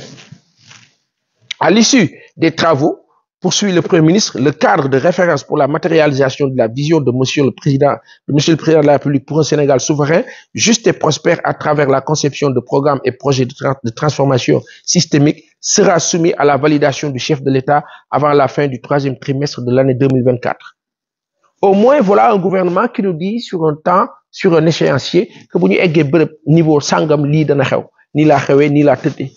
À l'issue des travaux, poursuit le Premier ministre, le cadre de référence pour la matérialisation de la vision de Monsieur le Président, de Monsieur le Président de la République pour un Sénégal souverain, juste et prospère à travers la conception de programmes et projets de, transformation systémique sera soumis à la validation du chef de l'État avant la fin du troisième trimestre de l'année 2024. Au moins, voilà un gouvernement qui nous dit sur un temps, sur un échéancier, que vous n'avez niveau sangam li ni la ni la tete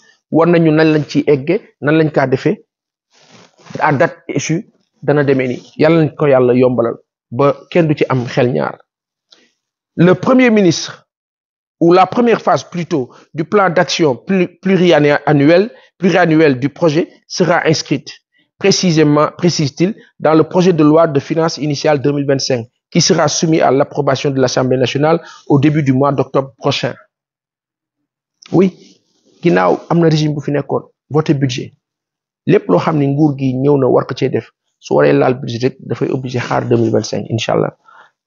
à date échue le premier ministre ou la première phase plutôt du plan d'action pluriannuel pluriannuel du projet sera inscrite précisément précise-t-il dans le projet de loi de finances initiale 2025 qui sera soumis à l'approbation de l'Assemblée nationale au début du mois d'octobre prochain. Oui, n'a pas régime pour finir budget lépp loo xam ne nguur gi ñëw na war ko cee def su waree laal budget rek dafay obligé xaar 2025 incha allah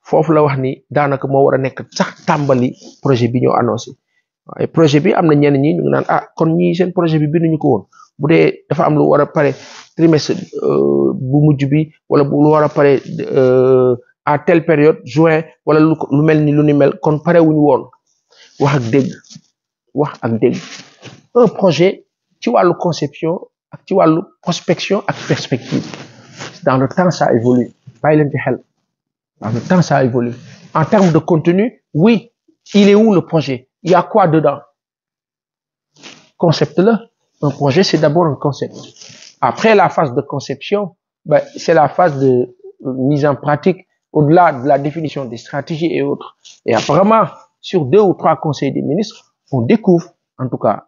foofu la wax ni daanaka moo war a nekk sax tàmbali projet bi ñoo annoncé waaye projet bi am na ñenn ñi ñu ngi naan ah kon ñii seen projet bi binduñu ko woon bu dee dafa am lu war a pare trimestre euh, bu mujj bi wala bu lu war a pare euh, à telle période juin wala lu lu mel ni lu ni mel kon pare wuñu woon wax ak dégg wax ak dégg projet ci wàllu conception tu vois prospection à perspective dans le temps ça évolue dans le temps ça évolue en termes de contenu oui il est où le projet il y a quoi dedans concept là un projet c'est d'abord un concept après la phase de conception ben, c'est la phase de euh, mise en pratique au-delà de la définition des stratégies et autres et apparemment sur deux ou trois conseils des ministres on découvre en tout cas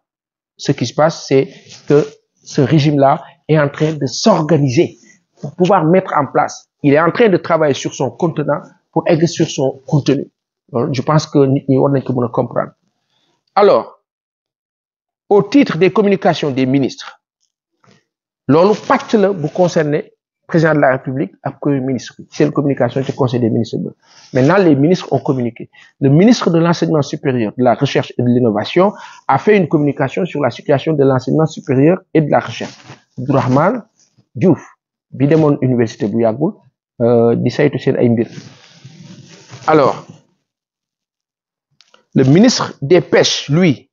ce qui se passe, c'est que ce régime-là est en train de s'organiser pour pouvoir mettre en place. Il est en train de travailler sur son contenant pour aider sur son contenu. je pense que nous devons comprendre. Alors, au titre des communications des ministres, le pacte le vous président de la République a premier ministre C'est une communication du conseil des ministres maintenant les ministres ont communiqué le ministre de l'enseignement supérieur de la recherche et de l'innovation a fait une communication sur la situation de l'enseignement supérieur et de la recherche Diouf université bu euh, alors le ministre des pêches lui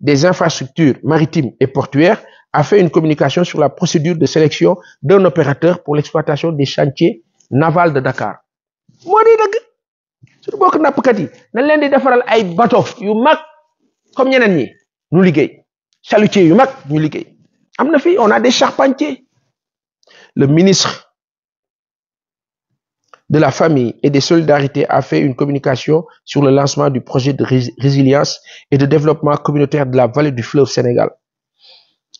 des infrastructures maritimes et portuaires a fait une communication sur la procédure de sélection d'un opérateur pour l'exploitation des chantiers navals de Dakar on a des charpentiers le ministre de la famille et des solidarités a fait une communication sur le lancement du projet de résilience et de développement communautaire de la vallée du fleuve Sénégal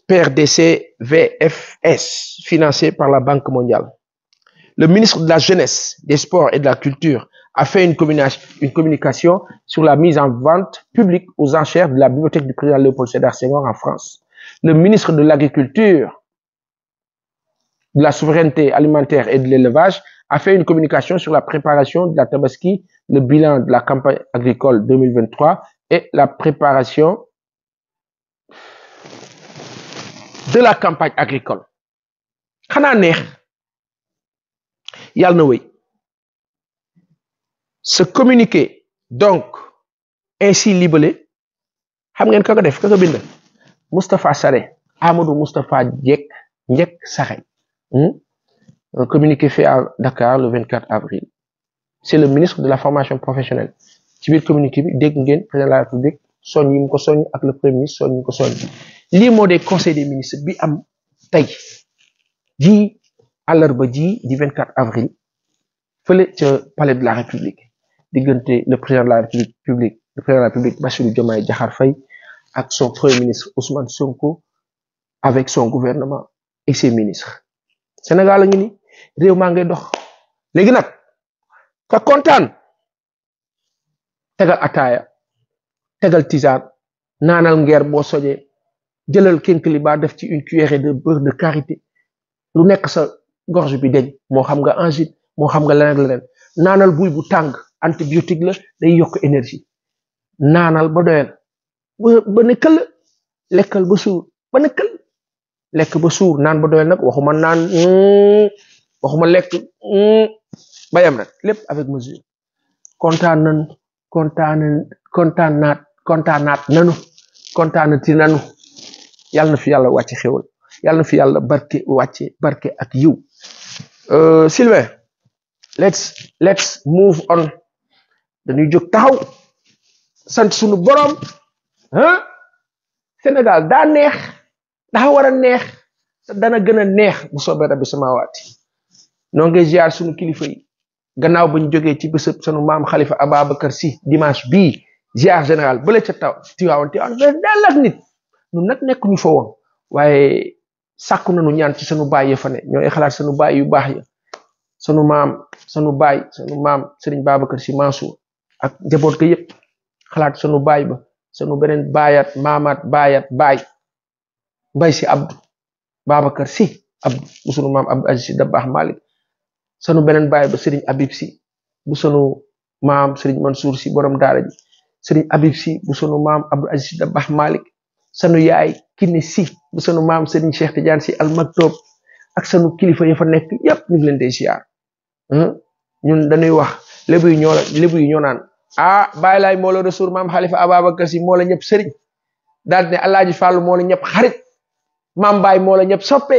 PRDC VFS, financé par la Banque mondiale. Le ministre de la Jeunesse, des Sports et de la Culture a fait une, communication sur la mise en vente publique aux enchères de la bibliothèque du président Léopold Sédar Senghor en France. Le ministre de l'Agriculture, de la Souveraineté alimentaire et de l'Élevage a fait une communication sur la préparation de la Tabaski, le bilan de la campagne agricole 2023 et la préparation de la campagne agricole xanaa neex yàlla na ce communiqué donc ainsi libellé xam ngeen ka def bind Moustapha Sarré Amadou Moustapha Diek Diek Sarré hmm? un communiqué fait à Dakar le 24 avril c'est le ministre de la formation professionnelle ci biir communiqué bi ngeen la République soñ ak le premier ministre soñ lii des conseils conseil des ministres bi am tey à l'heure du di 24 avril feulé ci palais de la république diggante le président de la république le président de la république Bassirou Diomaye Diakhar fay ak son premier ministre Ousmane Sonko avec son gouvernement et ses ministres Sénégal a ngi ni réew maa ngay dox légui nak ka contane tégal ataaya tégal tisaan nanal nguer bo sojee jëlal kénkiliba def ci une cuillerée de beurre de karité lu nekk sa gorge bi deñ moo xam nga angine moo xam nga leneen leneen naanal buy bu tàng antibiotique la day yokk énergie naanal ba doyal ba ba ne ba suur ba ne këll lekk ba suur naan ba doyal nag waxuma naan hmm, waxuma lekk hmm, bayam rek lépp avec mesure kontaan nan kontaan kontaan naat kontaan naat nanu kontaanati yalla na fi yalla wàcce xewal yalla na fi yalla barke wàcce barke ak yiw euh, sylvain let's let's move on dañuy jóg taxaw sant sunu borom hein senegal da neex da wara neex te dana gëna neex bu rabbi samawati no ziar sunu kilifa yi gannaaw bañ jógee ci sunu maam khalifa ababakar si dimanche bi ziar général bële ci taw tiwaawan tiwaawan fees nit nak nek ñu fo won waye sakku nañu ñaan ci sunu baye ya fa ne ñoy xalaat sunu baye yu baax ya sunu mam sunu baye sunu mam sering babakar ci mansu, ak jabot ke yep xalaat sunu baye ba sunu benen bayat mamat bayat bay bay si Abdou babakar si Abdou bu sunu mam Abdou Aziz si Dabakh Malik sunu benen baye ba serigne abib si bu sunu mam serigne Mansour si borom daara ji serigne abib si bu sunu mam Abdou Aziz si Malik sanu yaay kinne si bu sanu maam Serigne Cheikh Tidiane si al maktoub ak sanu kilifa ya fa nekk yëpp ñu ngi leen di ziar hmm? ñun dañuy wax lébu yu ñoo lébu yu ñoo naan ah Baye Laay moo la rasuul maam Xalifa Ababacar si moo la ñëpp Serigne daal ne Alaaji Fàllu moo la ñëpp xarit maam Baye moo la ñëpp soppe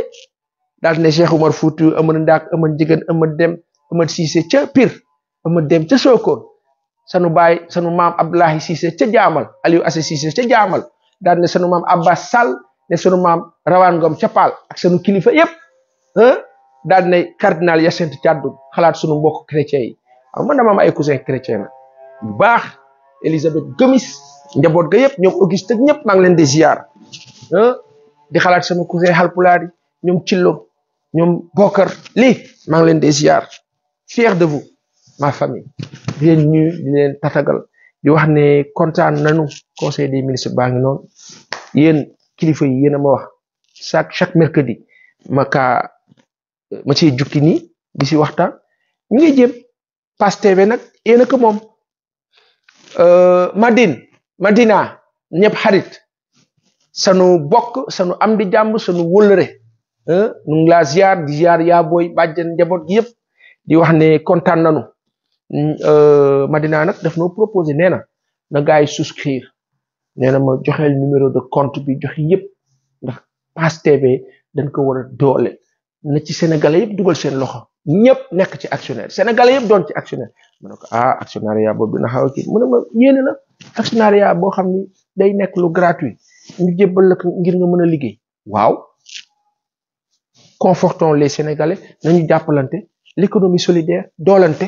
daal ne Cheikh Umar Fuuti aman ndaak aman jigéen aman dem aman Siise ca Pir aman dem ca Sokone sanu Baye sanu maam Abdoulahi Siise ca jaamal Aliou Assé Siise ca jaamal daal ne sunu maam Abbas Sall ne sunu maam Rawaan Ngom ca Paal ak sunu kilifa yëpp daal ne cardinal Hyacinthe Thiandoum xalaat sunu mbokk chrétien yi ma man dama am ay cousin chrétien bu baax Élisabeth Gomis njaboot ga yëpp ñoom Auguste ak ñëpp maa ngi leen di ziar di xalaat sama cousin Halpulaar ñoom Cillo ñoom Bokar lii maa ngi leen di ziar de vous ma famille di leen leen tatagal di wax ne kontaan nañu conseil des ministres baa ngi noonu yéen kilifa yi yéen a ma wax chaque chaque mercredi ma kaa ma jukki nii di si waxtaan ñu ngi jéem Pass TV nag yéen a ko moom euh, Madina ñëpp xarit sanu bokk sanu am di jàmm sanu wëllëre nu ngi laa di ziar yaa booy bàjjen njaboot gi yëpp di wax ne kontaan nañu Euh, Madina nag def noo proposé nee na na gars yi souscrire nee na ma joxeel numéro de compte bi joxe yëpp ndax Pass TV dañ ko doole na ci sénégalais yëpp dugal seen loxo ñëpp nekk ci actionnaire sénégalais yëpp doon ci actionnaire ma ne ko ah actionnariat boobu dina xaw a kii boo xam ni day nekk lu gratuit ñu jébbal ngir nga mën a liggéey waaw confortons les sénégalais nañu jàppalante l'économie solidaire doolante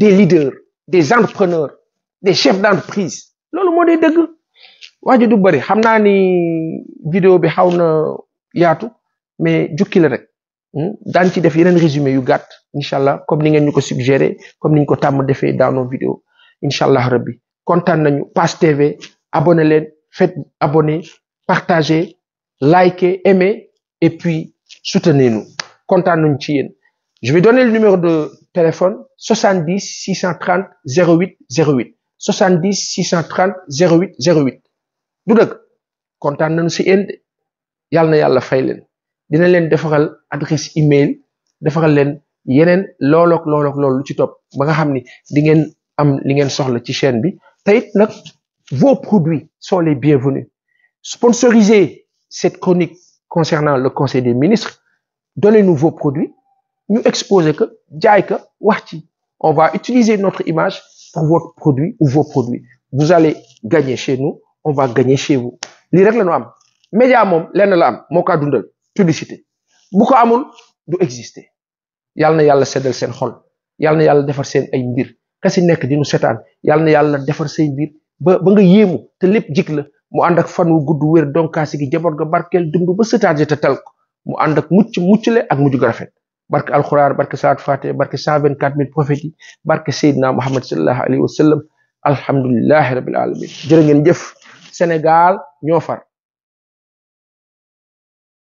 des leaders des entrepreneurs des chefs d'entreprise C'est ce que je veux dire. du bëri xam ni vidéo bi xaw mais jukki la rek ce hmm? ci def yeneen résumé yu gàtt comme nous ngeen ñu suggéré comme nous ñu ko fait dans nos vidéos Inch'Allah, rabbi content. nañu Passe TV abonnez-vous, faites partagez likez aimez et puis soutenez-nous kontaan nañu ci je vais donner le numéro de téléphone 70 630 08 08 70 630 08 08 du dëgg kontaan nañu si yéen yàlla na yàlla fay leen dina len defaral adresse email defaral len yenen lolok lolok loolu ci top. ba nga xam di am li ngeen soxla ci chaîne bi Tayit nak, vos produits sont les bienvenus sponsorisez cette chronique concernant le conseil des ministres donnez-nous vos produits nous exposer que, on va utiliser notre image pour votre produit ou vos produits. Vous allez gagner chez nous, on va gagner chez vous. Les règles nous am. Média mom, l'en la am, publicité. Beaucoup amul, du exister. Yal na yal sedel sen xol. Yal na yal defar sen ay mbir. Kasi nek di nu setan. Yal na yal defar sen mbir. Ba, nga yéemu, te lépp jik la. Mu ànd ak fan wu gudd wér kasi gi jabar ga barkel dund ba setaat ja te tal ko. Mu ànd ak mucc muccule ak mujj ga rafet. برك القرآن برك سعد فاتي برك سابن كاتمين بوفيتي برك سيدنا محمد صلى الله عليه وسلم الحمد لله رب العالمين جرين جف سنغال نوفر